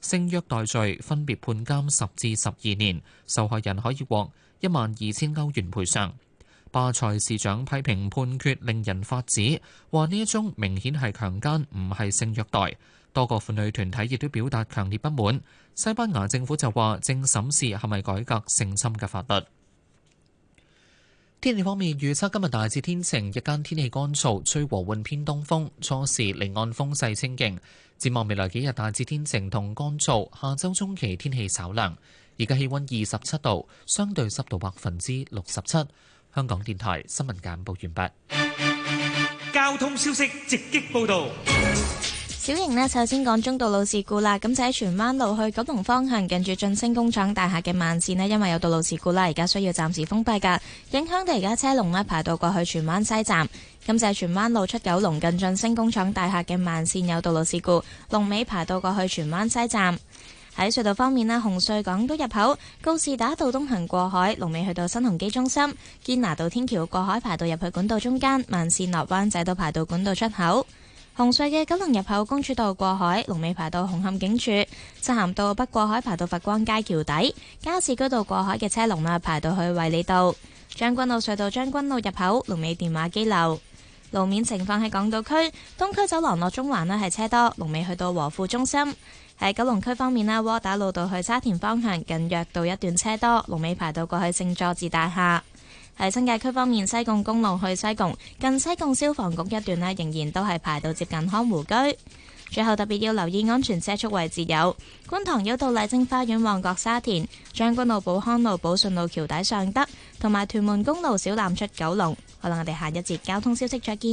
A: 性虐待罪分別判監十至十二年，受害人可以獲一萬二千歐元賠償。巴塞市長批評判決令人髮指，話呢一宗明顯係強姦，唔係性虐待。多個婦女團體亦都表達強烈不滿。西班牙政府就話正審視係咪改革性侵嘅法律。天氣方面預測今日大致天晴，日間天氣乾燥，吹和緩偏東風，初時離岸風勢清勁。展望未來幾日大致天晴同乾燥，下週中期天氣稍涼。而家氣溫二十七度，相對濕度百分之六十七。香港電台新聞簡報完畢。交通消息直擊報道。
B: 小型呢，首先講中道路事故啦。咁就喺荃灣路去九龍方向，近住晉升工廠大廈嘅慢線呢，因為有道路事故啦，而家需要暫時封閉噶，影響到而家車龍呢，排到過去荃灣西站。咁就喺荃灣路出九龍近晉升工廠大廈嘅慢線有道路事故，龍尾排到過去荃灣西站。喺隧道方面啦，紅隧港島入口，告士打道東行過海，龍尾去到新鴻基中心，堅拿道天橋過海，排到入去管道中間，慢線落灣仔都排到管道出口。紅隧嘅九龍入口公主道過海，龍尾排到紅磡警署；西行到北過海排到佛光街橋底；加士居道過海嘅車龍啦，排到去衛理道；將軍澳隧道將軍澳入口龍尾電話機樓；路面情況喺港島區東區走廊落中環呢，係車多，龍尾去到和富中心；喺九龍區方面啦，窩打老道去沙田方向近約道一段車多，龍尾排到過去聖佐治大廈。喺新界區方面，西貢公路去西貢近西貢消防局一段呢，仍然都係排到接近康湖居。最後特別要留意安全車速位置有觀塘繞道麗晶花園、旺角沙田、將軍澳寶康路、寶順路、橋底、尚德同埋屯門公路小欖出九龍。好啦，我哋下一節交通消息再見。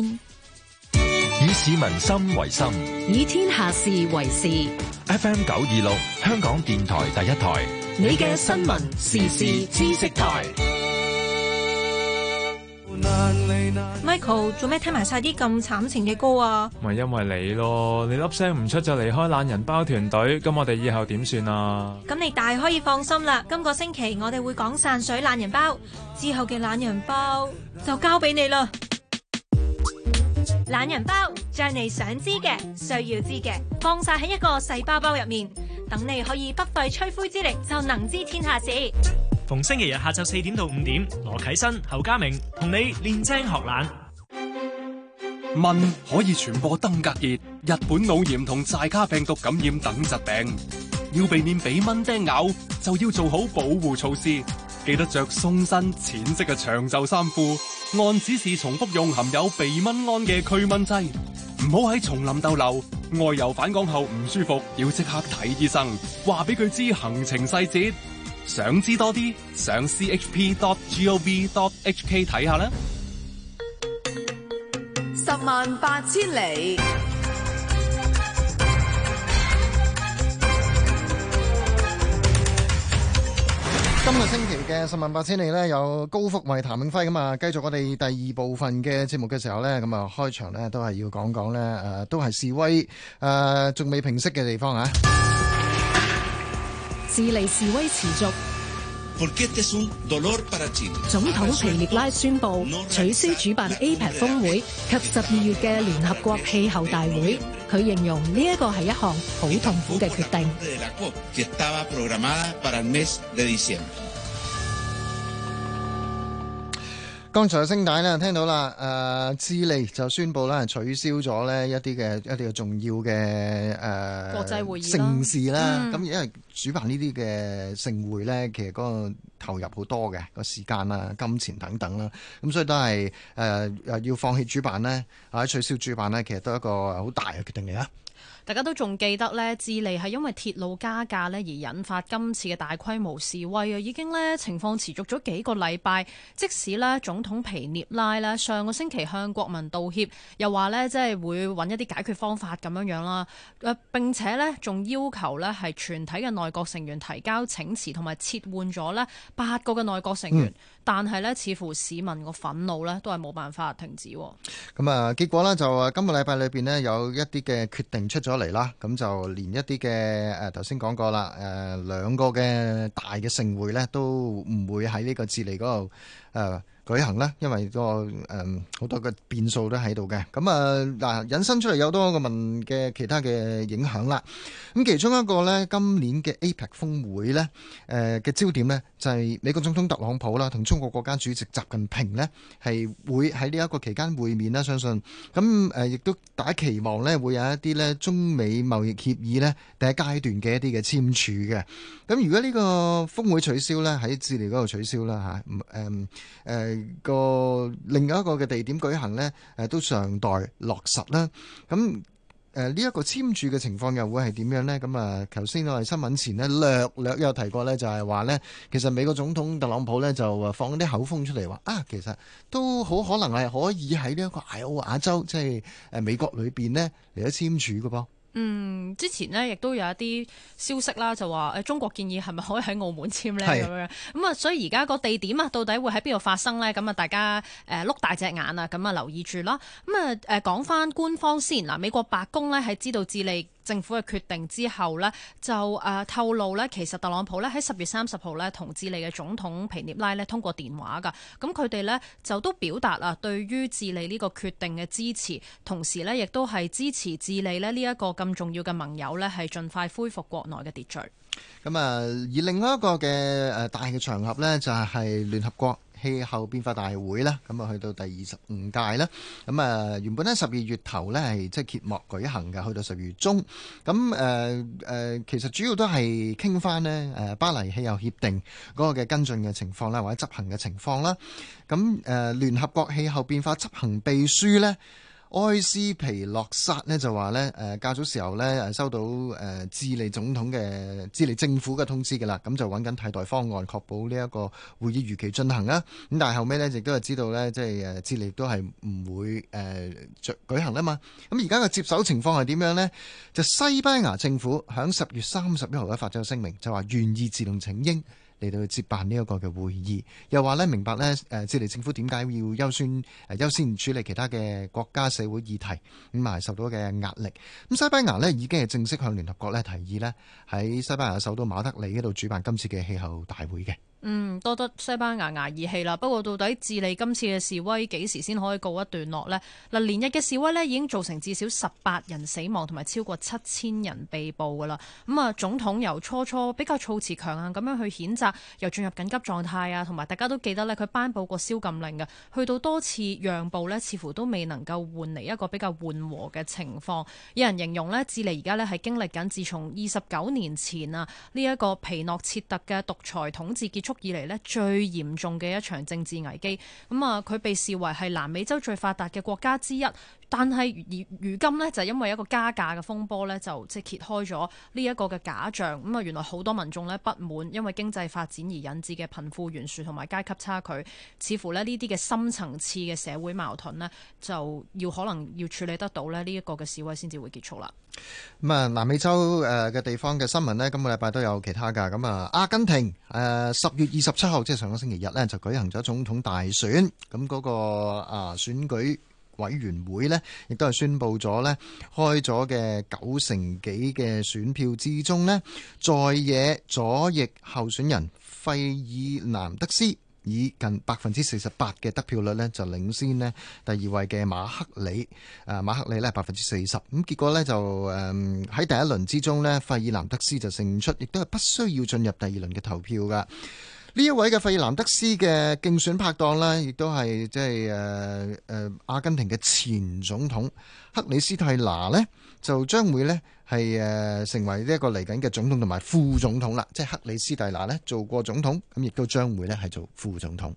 G: 以市民心為心，
B: 以天下事為事。
G: F. M. 九二六，香港電台第一台，
B: 你嘅新聞
A: 時事知識台。
B: Michael，做咩聽埋晒啲咁慘情嘅歌啊？
G: 咪因為你咯，你粒聲唔出就離開懶人包團隊，咁我哋以後點算啊？
B: 咁你大可以放心啦，今個星期我哋會講散水懶人包，之後嘅懶人包就交俾你啦。懶人包將你想知嘅、需要知嘅放晒喺一個細包包入面，等你可以不費吹灰之力就能知天下事。
A: 逢星期日下晝四點到五點，羅啟新、侯家明同你練精
G: 學懶。
E: 蚊
G: 可以傳播登革熱、日本腦炎同寨卡病毒感染等疾病，要避免俾蚊叮咬就要做好保護措施。記得着鬆身淺色嘅長袖衫褲，按指示重複用含有避蚊胺嘅驅蚊劑。唔好喺叢林逗留。外遊返港後唔舒服，要即刻睇醫生。話俾佢知行程細節。想知道多啲，上 c h p dot g o v dot h k 睇下啦。
E: 十萬八千里。
D: 今個星期嘅十萬八千里咧，有高福慧、譚永輝咁啊，繼續我哋第二部分嘅節目嘅時候咧，咁啊開場咧都係要講講咧誒，都係、呃、示威誒，仲、呃、未平息嘅地方啊。
E: 智利示威持
C: 續。
E: 總統皮涅拉宣布取消主辦 APEC 峯會及十二月嘅聯合國氣候大會。佢形容呢一個係一項好痛苦嘅決
H: 定。
D: 剛才聲帶呢聽到啦，誒、呃，智利就宣布咧取消咗呢一啲嘅一啲嘅重要嘅誒、呃，國際會議啦，盛事啦，咁、嗯、因為主辦呢啲嘅盛會呢其實嗰個投入好多嘅個時間啊、金錢等等啦，咁所以都係誒誒要放棄主辦呢啊取消主辦呢其實都係一個好大嘅決定嚟啦。
F: 大家都仲記得呢智利係因為鐵路加價呢而引發今次嘅大規模示威啊！已經呢情況持續咗幾個禮拜，即使呢總統皮涅拉呢上個星期向國民道歉，又話呢即係會揾一啲解決方法咁樣樣啦。誒並且呢仲要求呢係全體嘅內閣成員提交請辭，同埋撤換咗呢八個嘅內閣成員。嗯。但係咧，似乎市民個憤怒咧，都係冇辦法停止。
D: 咁啊，結果咧就啊，今個禮拜裏邊呢，有一啲嘅決定出咗嚟啦。咁就連一啲嘅誒，頭先講過啦，誒，兩個嘅大嘅盛會咧，都唔會喺呢個智利嗰度誒。舉行咧，因為個誒好多嘅、嗯、變數都喺度嘅，咁啊嗱，引申出嚟有多個問嘅其他嘅影響啦。咁其中一個呢，今年嘅 APEC 峰會呢誒嘅、呃、焦點呢，就係、是、美國總統特朗普啦，同中國國家主席習近平呢係會喺呢一個期間會面啦。相信咁誒，亦都大家期望呢會有一啲呢中美貿易協議呢第一階段嘅一啲嘅簽署嘅。咁如果呢個峰會取消呢，喺智利嗰度取消啦吓，誒、啊、誒。嗯嗯嗯個另外一個嘅地點舉行呢，誒都尚待落實啦。咁誒呢一個簽署嘅情況又會係點樣呢？咁啊，頭先我哋新聞前呢略略有提過呢，就係話呢，其實美國總統特朗普呢，就放啲口風出嚟話啊，其實都好可能係可以喺呢一個愛奧亞州，即係誒美國裏邊呢，嚟咗簽署嘅噃。
F: 嗯，之前呢，亦都有一啲消息啦，就話誒，中國建議係咪可以喺澳門簽呢？咁樣咁啊，所以而家個地點啊，到底會喺邊度發生呢？咁啊，大家誒碌大隻眼啊，咁啊留意住啦。咁啊，誒講返官方先嗱，美國白宮呢，係知道智利。政府嘅決定之後呢，就誒透露呢，其實特朗普呢喺十月三十號呢同智利嘅總統皮涅拉呢通過電話㗎，咁佢哋呢就都表達啦，對於智利呢個決定嘅支持，同時呢亦都係支持智利呢呢一個咁重要嘅盟友呢係盡快恢復國內嘅秩序。
D: 咁啊，而另外一個嘅誒大嘅場合呢，就係聯合國。氣候變化大會啦，咁啊去到第二十五屆啦，咁啊原本咧十二月頭咧係即係揭幕舉行嘅，去到十二月中，咁誒誒其實主要都係傾翻呢誒巴黎氣候協定嗰個嘅跟進嘅情況啦，或者執行嘅情況啦，咁誒、呃、聯合國氣候變化執行秘書咧。埃斯皮洛薩呢就話呢誒，呃、較早時候呢收到誒、呃、智利總統嘅智利政府嘅通知噶啦，咁就揾緊替代方案，確保呢一個會議如期進行啦。咁但係後尾呢，亦都係知道呢，即係誒智利都係唔會誒、呃、舉行啦嘛。咁而家嘅接手情況係點樣呢？就西班牙政府響十月三十一號咧發咗個聲明，就話願意自動請纓。嚟到接辦呢一個嘅會議，又話咧明白咧誒，智利政府點解要優先誒優先處理其他嘅國家社會議題咁，同埋受到嘅壓力。咁西班牙咧已經係正式向聯合國咧提議咧喺西班牙首都馬德里嗰度舉辦今次嘅氣候大會嘅。
F: 嗯，多得西班牙牙義氣啦。不過到底智利今次嘅示威幾時先可以告一段落呢？嗱，連日嘅示威咧已經造成至少十八人死亡，同埋超過七千人被捕噶啦。咁啊，總統由初初比較措辭強硬咁樣去譴責，又進入緊急狀態啊，同埋大家都記得呢佢頒佈過宵禁令嘅。去到多次讓步呢，似乎都未能夠換嚟一個比較緩和嘅情況。有人形容呢，智利而家呢係經歷緊，自從二十九年前啊呢一個皮諾切特嘅獨裁統治結束。以嚟咧最嚴重嘅一場政治危機，咁啊佢被視為係南美洲最發達嘅國家之一，但係如今咧就因為一個加價嘅風波咧，就即係揭開咗呢一個嘅假象，咁啊原來好多民眾呢，不滿，因為經濟發展而引致嘅貧富懸殊同埋階級差距，似乎咧呢啲嘅深層次嘅社會矛盾呢，就要可能要處理得到咧呢一個嘅示威先至會結束啦。咁
D: 啊南美洲誒嘅地方嘅新聞呢，今個禮拜都有其他噶，咁啊阿根廷誒十。呃月二十七號，即係上個星期日呢，就舉行咗總統大選。咁、那、嗰個啊選舉委員會呢，亦都係宣布咗呢開咗嘅九成幾嘅選票之中呢，在野左翼候選人費爾南德斯。以近百分之四十八嘅得票率呢，就領先呢第二位嘅馬克里。誒、呃、馬克里呢，百分之四十，咁、嗯、結果呢，就喺、嗯、第一輪之中呢，費爾南德斯就勝出，亦都係不需要進入第二輪嘅投票㗎。呢一位嘅費爾南德斯嘅競選拍檔咧，亦都係即係誒誒，阿根廷嘅前總統克里斯蒂娜咧，就將會咧係誒成為呢一個嚟緊嘅總統同埋副總統啦。即係克里斯蒂娜咧做過總統，咁亦都將會咧係做副總統。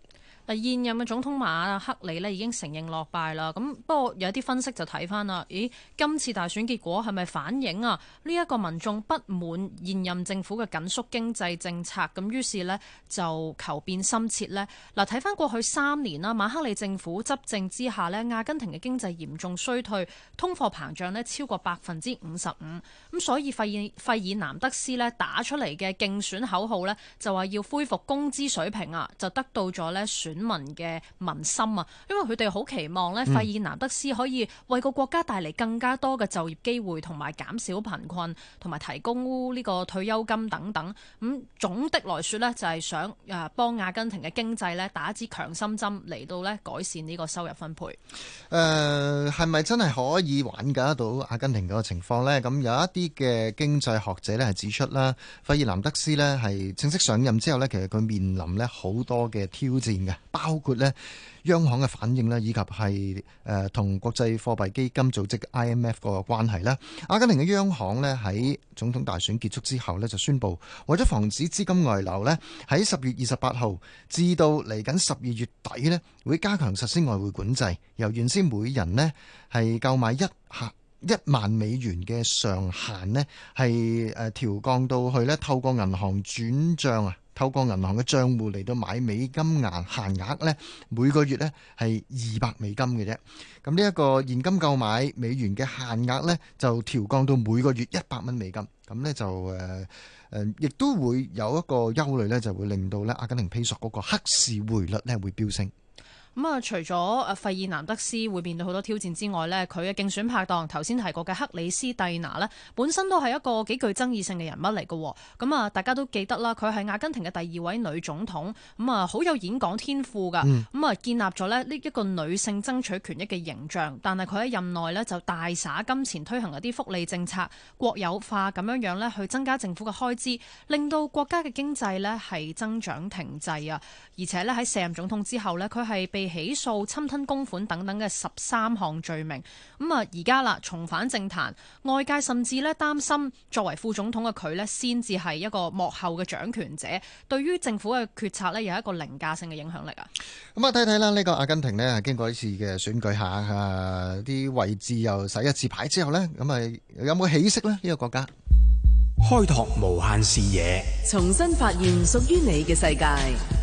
F: 現任嘅總統馬克里呢，已經承認落敗啦，咁不過有啲分析就睇翻啦，咦，今次大選結果係咪反映啊呢一個民眾不滿現任政府嘅緊縮經濟政策，咁於是呢，就求變深切呢。嗱，睇翻過去三年啦，馬克里政府執政之下呢，阿根廷嘅經濟嚴重衰退，通貨膨脹呢超過百分之五十五，咁所以費費爾南德斯呢打出嚟嘅競選口號呢，就話要恢復工資水平啊，就得到咗呢選。民嘅民心啊，因為佢哋好期望咧，費爾南德斯可以為個國家帶嚟更加多嘅就業機會，同埋減少貧困，同埋提供呢個退休金等等。咁總的來說呢，就係想誒幫阿根廷嘅經濟呢打一支強心針，嚟到咧改善呢個收入分配。
D: 誒、呃，係咪真係可以挽救到阿根廷個情況呢？咁有一啲嘅經濟學者呢，係指出啦，費爾南德斯呢係正式上任之後呢，其實佢面臨呢好多嘅挑戰嘅。包括咧央行嘅反應咧，以及係誒同國際貨幣基金組織 IMF 個關係啦。阿根廷嘅央行咧，喺總統大選結束之後咧，就宣布為咗防止資金外流咧，喺十月二十八號至到嚟緊十二月底咧，會加強實施外匯管制，由原先每人咧係購買一限一萬美元嘅上限咧，係誒調降到去咧透過銀行轉帳啊。透過銀行嘅帳戶嚟到買美金，額限額咧每個月咧係二百美金嘅啫。咁呢一個現金購買美元嘅限額咧就調降到每個月一百蚊美金。咁咧就誒誒，亦都會有一個憂慮咧，就會令到咧阿根廷比索嗰個黑市匯率咧會飆升。
F: 咁啊，除咗阿費爾南德斯會面對好多挑戰之外呢，佢嘅競選拍檔頭先提過嘅克里斯蒂娜呢，本身都係一個幾具爭議性嘅人物嚟嘅。咁啊，大家都記得啦，佢係阿根廷嘅第二位女總統，咁啊，好有演講天賦㗎。咁、嗯、啊，建立咗咧呢一個女性爭取權益嘅形象。但係佢喺任內呢，就大灑金錢推行一啲福利政策、國有化咁樣樣呢，去增加政府嘅開支，令到國家嘅經濟呢係增長停滯啊。而且呢，喺卸任總統之後呢，佢係被起訴侵吞公款等等嘅十三項罪名，咁啊，而家啦重返政壇，外界甚至咧擔心，作為副總統嘅佢咧先至係一個幕後嘅掌權者，對於政府嘅決策咧有一個凌駕性嘅影響力啊！咁
D: 啊睇睇啦，呢個阿根廷咧經過呢次嘅選舉下啊，啲位置又洗一次牌之後咧，咁啊有冇起色呢？呢個
G: 國家有有開拓無限視野，
E: 重新發現屬於你嘅世界。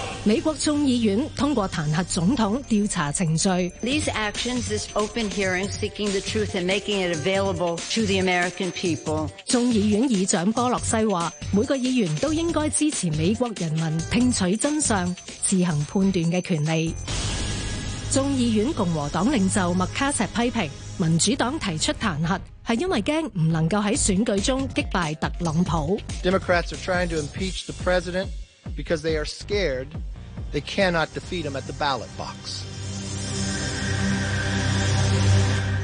E: 美國眾議院通過彈劾總統調查程序。These actions open hearing seeking the truth and making it available to the American people. 眾議院議長波洛西話：每個議員都應該支持美國人民聽取真相、自行判斷嘅權利。眾議院共和黨領袖麥卡錫批評民主黨提出彈劾係因為驚唔能夠喺選舉中擊敗特朗普。
B: Democrats are trying to impeach the president because they are scared. They cannot defeat him at the ballot box.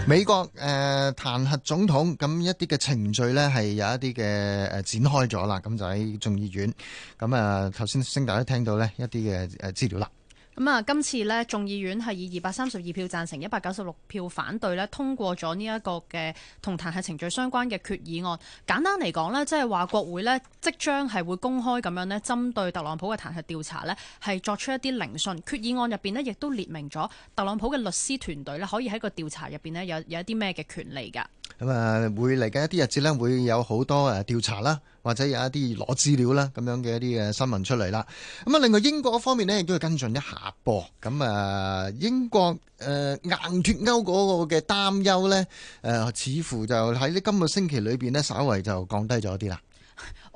D: 美國誒彈、呃、劾總統，咁一啲嘅程序呢係有一啲嘅、呃、展開咗啦，咁就喺眾議院。咁啊頭先聲大家聽到呢一啲嘅誒資料啦。
F: 咁啊，今次呢眾議院係以二百三十二票贊成，一百九十六票反對呢通過咗呢一個嘅同彈劾程序相關嘅決議案。簡單嚟講呢即係話國會呢，即將係會公開咁樣呢針對特朗普嘅彈劾調查呢係作出一啲聆訊。決議案入面呢亦都列明咗特朗普嘅律師團隊呢可以喺個調查入面呢，有有一啲咩嘅權利㗎。
D: 咁啊，會嚟緊一啲日子咧，會有好多誒調查啦，或者有一啲攞資料啦咁樣嘅一啲嘅新聞出嚟啦。咁啊，另外英國方面呢，亦都要跟進一下噃。咁啊，英國誒、呃、硬脱歐嗰個嘅擔憂咧，誒、呃、似乎就喺呢今個星期裏面呢，稍微就降低咗啲啦。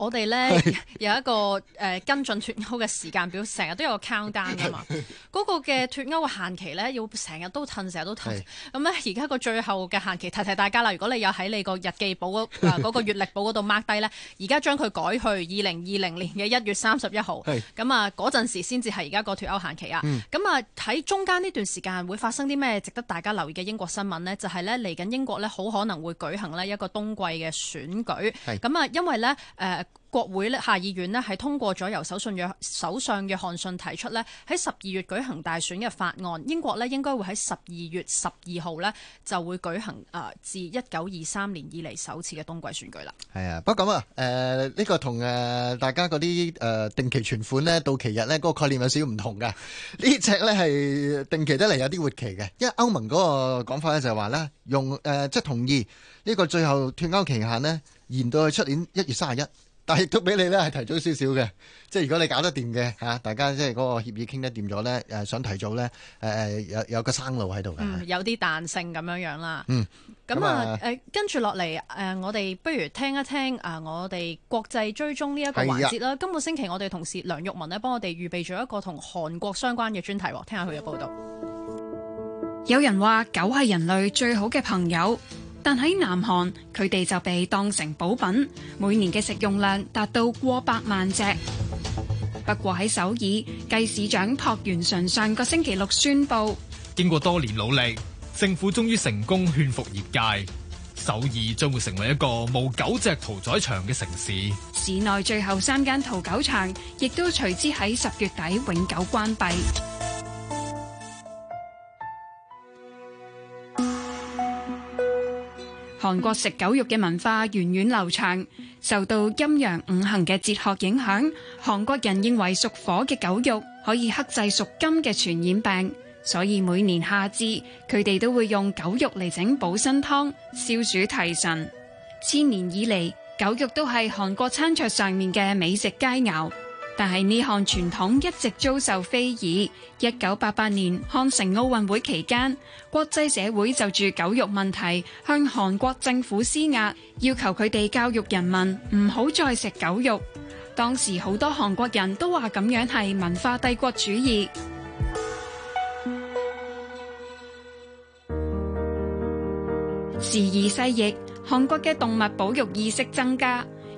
F: 我哋咧有一個誒、呃、跟進脱歐嘅時間表，成日都有個 countdown 噶嘛。嗰 (laughs) 個嘅脱歐嘅限期咧，要成日都褪，成日都褪。咁咧，而、嗯、家個最後嘅限期提提大家啦。如果你有喺你個日記簿嗰、 (laughs) 呃那個月曆簿嗰度 mark 低咧，而家將佢改去二零二零年嘅一月三十一號。咁啊，嗰陣時先至係而家個脱歐限期啊。咁、嗯、啊，喺中間呢段時間會發生啲咩值得大家留意嘅英國新聞呢？就係咧嚟緊英國咧，好可能會舉行呢一個冬季嘅選舉。咁啊，因為咧誒。呃國會咧，下議院咧，係通過咗由首相約首相約翰遜提出咧，喺十二月舉行大選嘅法案。英國咧應該會喺十二月十二號咧就會舉行啊，自一九二三年以嚟首次嘅冬季選舉啦。
D: 係啊，不過咁啊，誒、呃、呢、呢個同誒大家嗰啲誒定期存款咧到期日咧嗰個概念有少少唔同㗎。呢隻咧係定期得嚟有啲活期嘅，因為歐盟嗰個講法咧就係話咧用誒即係同意呢、呢個最後脱歐期限咧延到去出年一月三十一。但係亦都俾你咧，係提早少少嘅。即係如果你搞得掂嘅吓，大家即係嗰個協議傾得掂咗咧，誒想提早咧，誒、呃、有有個生路喺度嘅，
F: 有啲彈性咁樣樣啦。嗯，咁、嗯、啊，誒跟住落嚟，誒我哋不如聽一聽誒我哋國際追蹤呢一個環節啦。今個星期我哋同事梁玉文呢，幫我哋預備咗一個同韓國相關嘅專題，聽下佢嘅報道。
H: 有人話狗係人類最好嘅朋友。但喺南韓，佢哋就被當成補品，每年嘅食用量達到過百萬隻。不過喺首爾，繼市長朴元淳上個星期六宣布，
A: 經過多年努力，政府終於成功勸服業界，首爾將會成為一個冇狗隻屠宰場嘅城市。
H: 市內最後三間屠狗場亦都隨之喺十月底永久關閉。韓國食狗肉嘅文化源遠流長，受到陰陽五行嘅哲學影響，韓國人認為屬火嘅狗肉可以克制屬金嘅傳染病，所以每年夏至，佢哋都會用狗肉嚟整補身湯，消暑提神。千年以嚟，狗肉都係韓國餐桌上面嘅美食佳餚。但係呢項傳統一直遭受非議。一九八八年漢城奧運會期間，國際社會就住狗肉問題向韓國政府施壓，要求佢哋教育人民唔好再食狗肉。當時好多韓國人都話咁樣係文化帝國主義。時移世易，韓國嘅動物保育意識增加。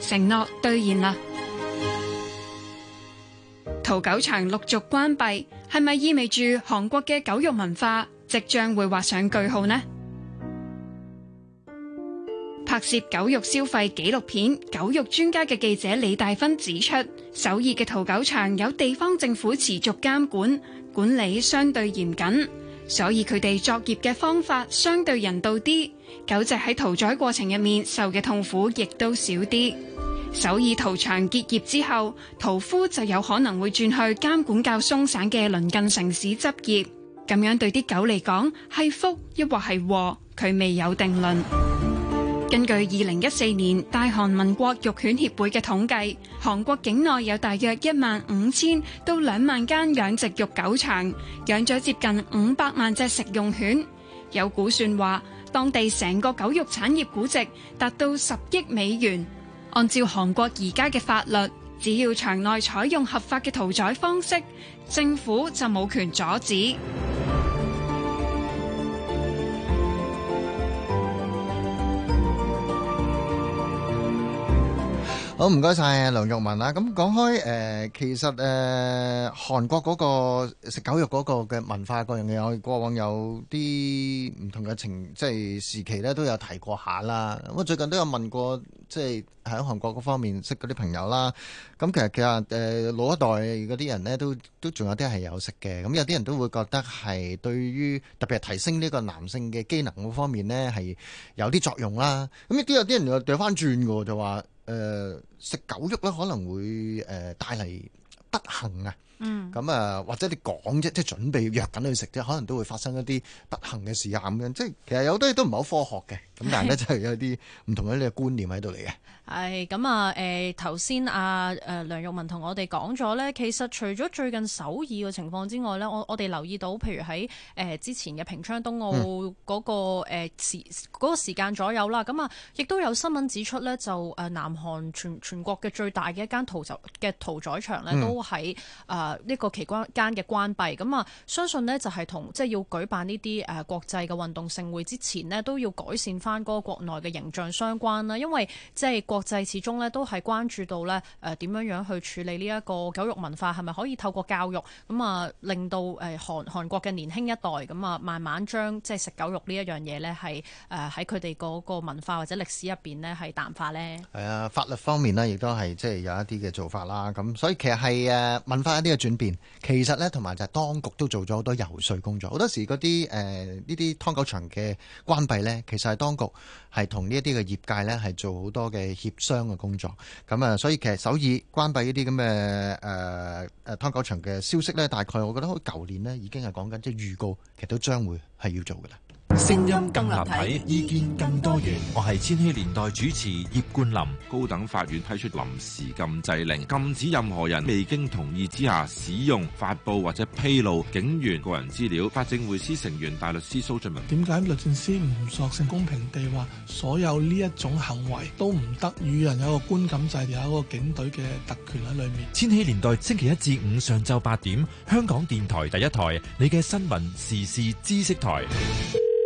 H: 承諾兌現啦！屠狗場陸續關閉，係咪意味住韓國嘅狗肉文化即將會畫上句號呢？拍攝狗肉消費紀錄片《狗肉專家》嘅記者李大芬指出，首爾嘅屠狗場有地方政府持續監管，管理相對嚴謹。所以佢哋作業嘅方法相對人道啲，狗隻喺屠宰過程入面受嘅痛苦亦都少啲。首爾屠場結業之後，屠夫就有可能會轉去監管較鬆散嘅鄰近城市執業，咁樣對啲狗嚟講係福抑或係禍，佢未有定論。根據二零一四年大韓民國肉犬協會嘅統計，韓國境內有大約一萬五千到兩萬間養殖肉狗場，養咗接近五百萬隻食用犬。有估算話，當地成個狗肉產業估值達到十億美元。按照韓國而家嘅法律，只要場內採用合法嘅屠宰方式，政府就冇權阻止。
D: 好，唔該晒，梁玉文啦。咁講開，其實誒呃、韓國嗰個食狗肉嗰個嘅文化，過人有過往有啲唔同嘅情，即係時期咧都有提過下啦。我最近都有問過，即係喺韓國嗰方面識嗰啲朋友啦。咁其實其實誒、呃、老一代嗰啲人咧，都都仲有啲係有食嘅。咁有啲人都會覺得係對於特別係提升呢個男性嘅機能嗰方面咧，係有啲作用啦。咁亦都有啲人又掉翻轉喎，就話。誒、呃，食狗肉咧，可能會誒帶嚟不幸啊。嗯。咁啊，或者你講啫，即係準備約緊去食啫，可能都會發生一啲不幸嘅事啊。咁樣，即係其實有好多嘢都唔係好科學嘅。咁但係咧， (laughs) 就係有啲唔同嘅你嘅觀念喺度嚟嘅。
F: 係咁啊，誒，頭先阿誒梁玉文同我哋講咗咧，其實除咗最近首爾嘅情況之外咧，我我哋留意到，譬如喺誒之前嘅平昌冬奧嗰個誒時嗰個時間左右啦，咁、嗯、啊，亦都有新聞指出咧，就誒南韓全全國嘅最大嘅一間屠宰嘅屠宰場咧，嗯，都喺啊呢個期間間嘅關閉。咁啊，相信咧就係同即係要舉辦呢啲誒國際嘅運動盛會之前咧，都要改善翻嗰個國內嘅形象相關啦，因為即係。國。國際始終咧都係關注到咧誒點樣樣去處理呢一個狗肉文化，係咪可以透過教育，咁啊令到誒韓韓國嘅年輕一代，咁啊慢慢將即係食狗肉呢一樣嘢，咧係誒喺佢哋嗰個文化或者歷史入邊咧係淡化呢？係
D: 啊法律方面呢，亦都係即係有一啲嘅做法啦，咁所以其實係誒文化的一啲嘅轉變其實呢，同埋就係當局都做咗好多游說工作，好多時嗰啲誒呢啲劏狗場嘅關閉呢，其實係當局係同呢一啲嘅業界呢，係做好多嘅協商嘅工作，咁、嗯、啊，所以其實首爾關閉呢啲咁嘅誒誒湯狗場嘅消息咧，大概我覺得好似舊年咧已經係講緊即係預告，其實都將會係要做噶啦。聲音更立體，意見更
C: 多元。我係千禧年代主持葉冠霖。高等法院批出臨時禁制令，禁止任何人未經同意之下使用、發佈或者披露警員個人資料。法政匯思成員大律師蘇俊文，點
G: 解律政司唔索性公平地話，所有呢一種行為都唔得與人有個觀感制，有一個警隊嘅
C: 特權喺裏面？千禧年代星期一至五上晝八點，香港電台第一台，你嘅新聞時事知識台。 (laughs)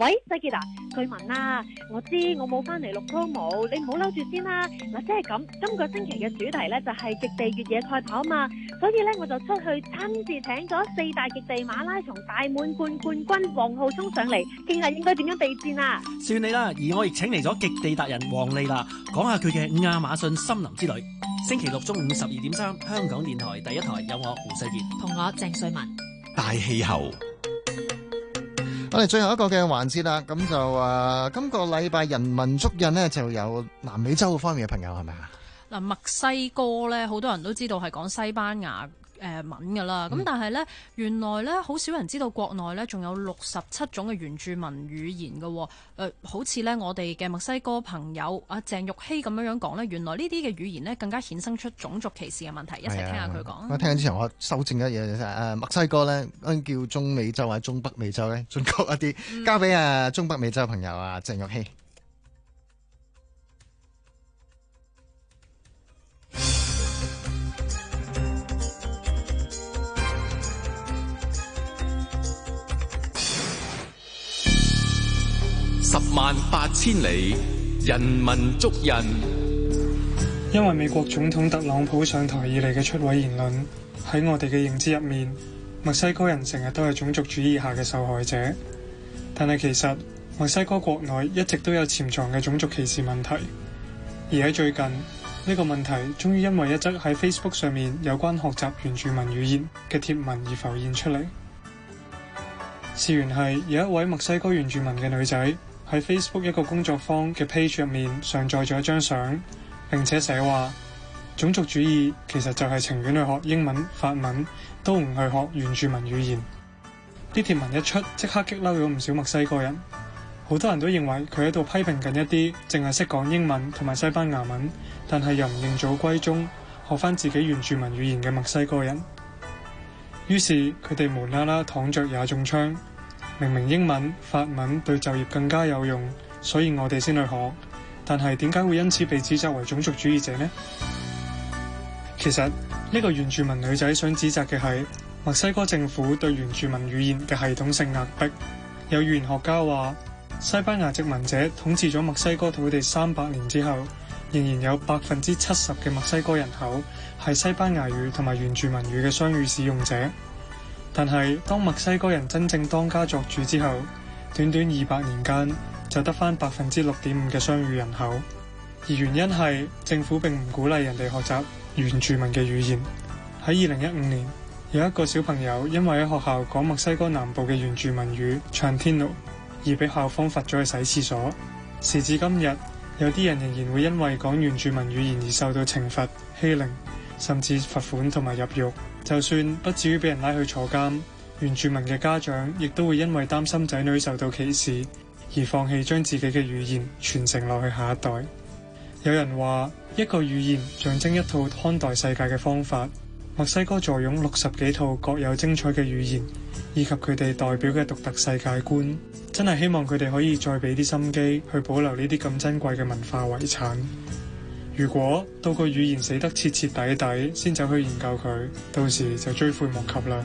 E: 喂，世杰啊，據聞啊，我知我冇翻嚟錄都冇，你唔好嬲住先啦。嗱，即係咁，今個星期嘅主題咧就係極地越野賽跑啊嘛，所以咧我就出去親自請咗四大極地馬拉松大滿貫冠軍黃浩聰上嚟，傾下應該點樣備戰啊。
H: 算
A: 你啦，而我亦請嚟咗極地達人黃麗啦，講下佢嘅亞馬遜森林之旅。星期六中午十二點三，香港電台第一台有我胡世杰同我鄭瑞文
D: 大
G: 氣
C: 候。
D: 我哋最後一個嘅環節啦，咁就誒、啊，今個禮拜人民足印呢，就有南美洲方面嘅朋友係咪啊？
F: 嗱，墨西哥呢，好多人都知道係講西班牙。誒文嘅啦，咁、嗯、但係呢，原來呢，好少人知道國內呢，仲有六十七種嘅原住民語言嘅喎、呃，好似呢，我哋嘅墨西哥朋友阿鄭玉希咁樣樣講呢，原來呢啲嘅語言呢更加衍生出種族歧視嘅問題，一齊聽下佢講。
D: 我聽緊之前我修正一樣嘢，誒墨西哥呢，叫中美洲或者中北美洲呢，準確一啲，交俾啊、嗯、中北美洲嘅朋友啊鄭玉希。嗯十萬八千里，人民族人。
G: 因為美國總統特朗普上台以嚟嘅出位言論，喺我哋嘅認知入面，墨西哥人成日都係種族主義下嘅受害者。但係其實墨西哥國內一直都有潛藏嘅種族歧視問題，而喺最近呢個問題終於因為一則喺 Facebook 上面有關學習原住民語言嘅貼文而浮現出嚟。事源係有一位墨西哥原住民嘅女仔。喺 Facebook 一個工作坊嘅 page 入面上載咗一張相，並且寫話：種族主義其實就係情願去學英文、法文，都唔去學原住民語言。呢篇文一出，即刻激嬲咗唔少墨西哥人，好多人都認為佢喺度批評緊一啲淨係識講英文同埋西班牙文，但係又唔認祖歸宗，學翻自己原住民語言嘅墨西哥人。於是佢哋無啦啦躺着也中槍。明明英文、法文對就業更加有用，所以我哋先去學，但係點解會因此被指責為種族主義者呢？其實，呢、這個原住民女仔想指責嘅係墨西哥政府對原住民語言嘅系統性壓迫。有語言學家話，西班牙殖民者統治咗墨西哥土地三百年之後，仍然有百分之七十嘅墨西哥人口係西班牙語同埋原住民語嘅雙語使用者。但係，當墨西哥人真正當家作主之後，短短二百年間就得返百分之六點五嘅雙語人口，而原因係政府並唔鼓勵人哋學習原住民嘅語言。喺二零一五年，有一個小朋友因為喺學校講墨西哥南部嘅原住民語——唱天奴，而被校方罰咗去洗廁所。時至今日，有啲人仍然會因為講原住民語言而受到懲罰、欺凌，甚至罰款同埋入獄。就算不至於被人拉去坐監，原住民嘅家長亦都會因為擔心仔女受到歧視而放棄將自己嘅語言傳承落去下一代。有人話一個語言象徵一套看待世界嘅方法。墨西哥坐擁六十幾套各有精彩嘅語言，以及佢哋代表嘅獨特世界觀，真係希望佢哋可以再俾啲心機去保留呢啲咁珍貴嘅文化遺產。如果到個語言死得徹徹底底，先走去研究佢，到時就追悔莫及啦。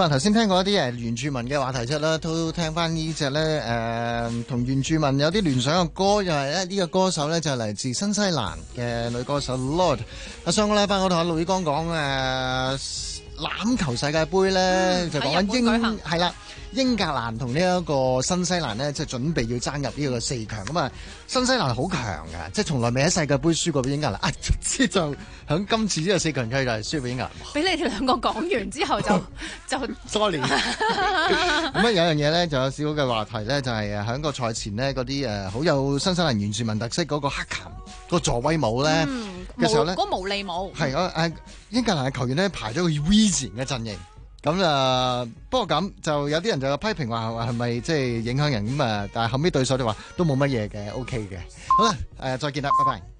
D: 啊！頭先聽過一啲誒原住民嘅話題出啦，都聽翻呢隻咧誒，同、呃、原住民有啲聯想嘅歌，又係咧呢個歌手咧就嚟自新西蘭嘅女歌手 Lorde。啊，上個禮拜我同阿陸宇剛講誒欖球世界盃咧、嗯，就講緊英係啦。英格蘭同呢一個新西蘭咧，即、就、係、是、準備要爭入呢個四強。咁啊，新西蘭好強嘅，即係從來未喺世界盃輸過俾英格蘭。啊，即接就喺今次呢個四強就係輸俾英格蘭。
F: 俾你哋兩個講完之後就， (laughs) 就就多年。
D: 咁啊，有樣嘢咧，就有少少嘅話題咧，就係、是、啊，喺個賽前咧，嗰啲誒好有新西蘭原住民特色嗰個黑琴、那個助威舞咧
F: 嘅時候咧，嗰、那、無、個、毛利
D: 舞係啊，英格蘭嘅球員咧排咗個 V 嘅陣型。咁啊，不過咁就有啲人就批評話係咪即係影響人咁啊？但係後尾對手就話都冇乜嘢嘅，OK 嘅。好啦，啊，再見啦，拜拜。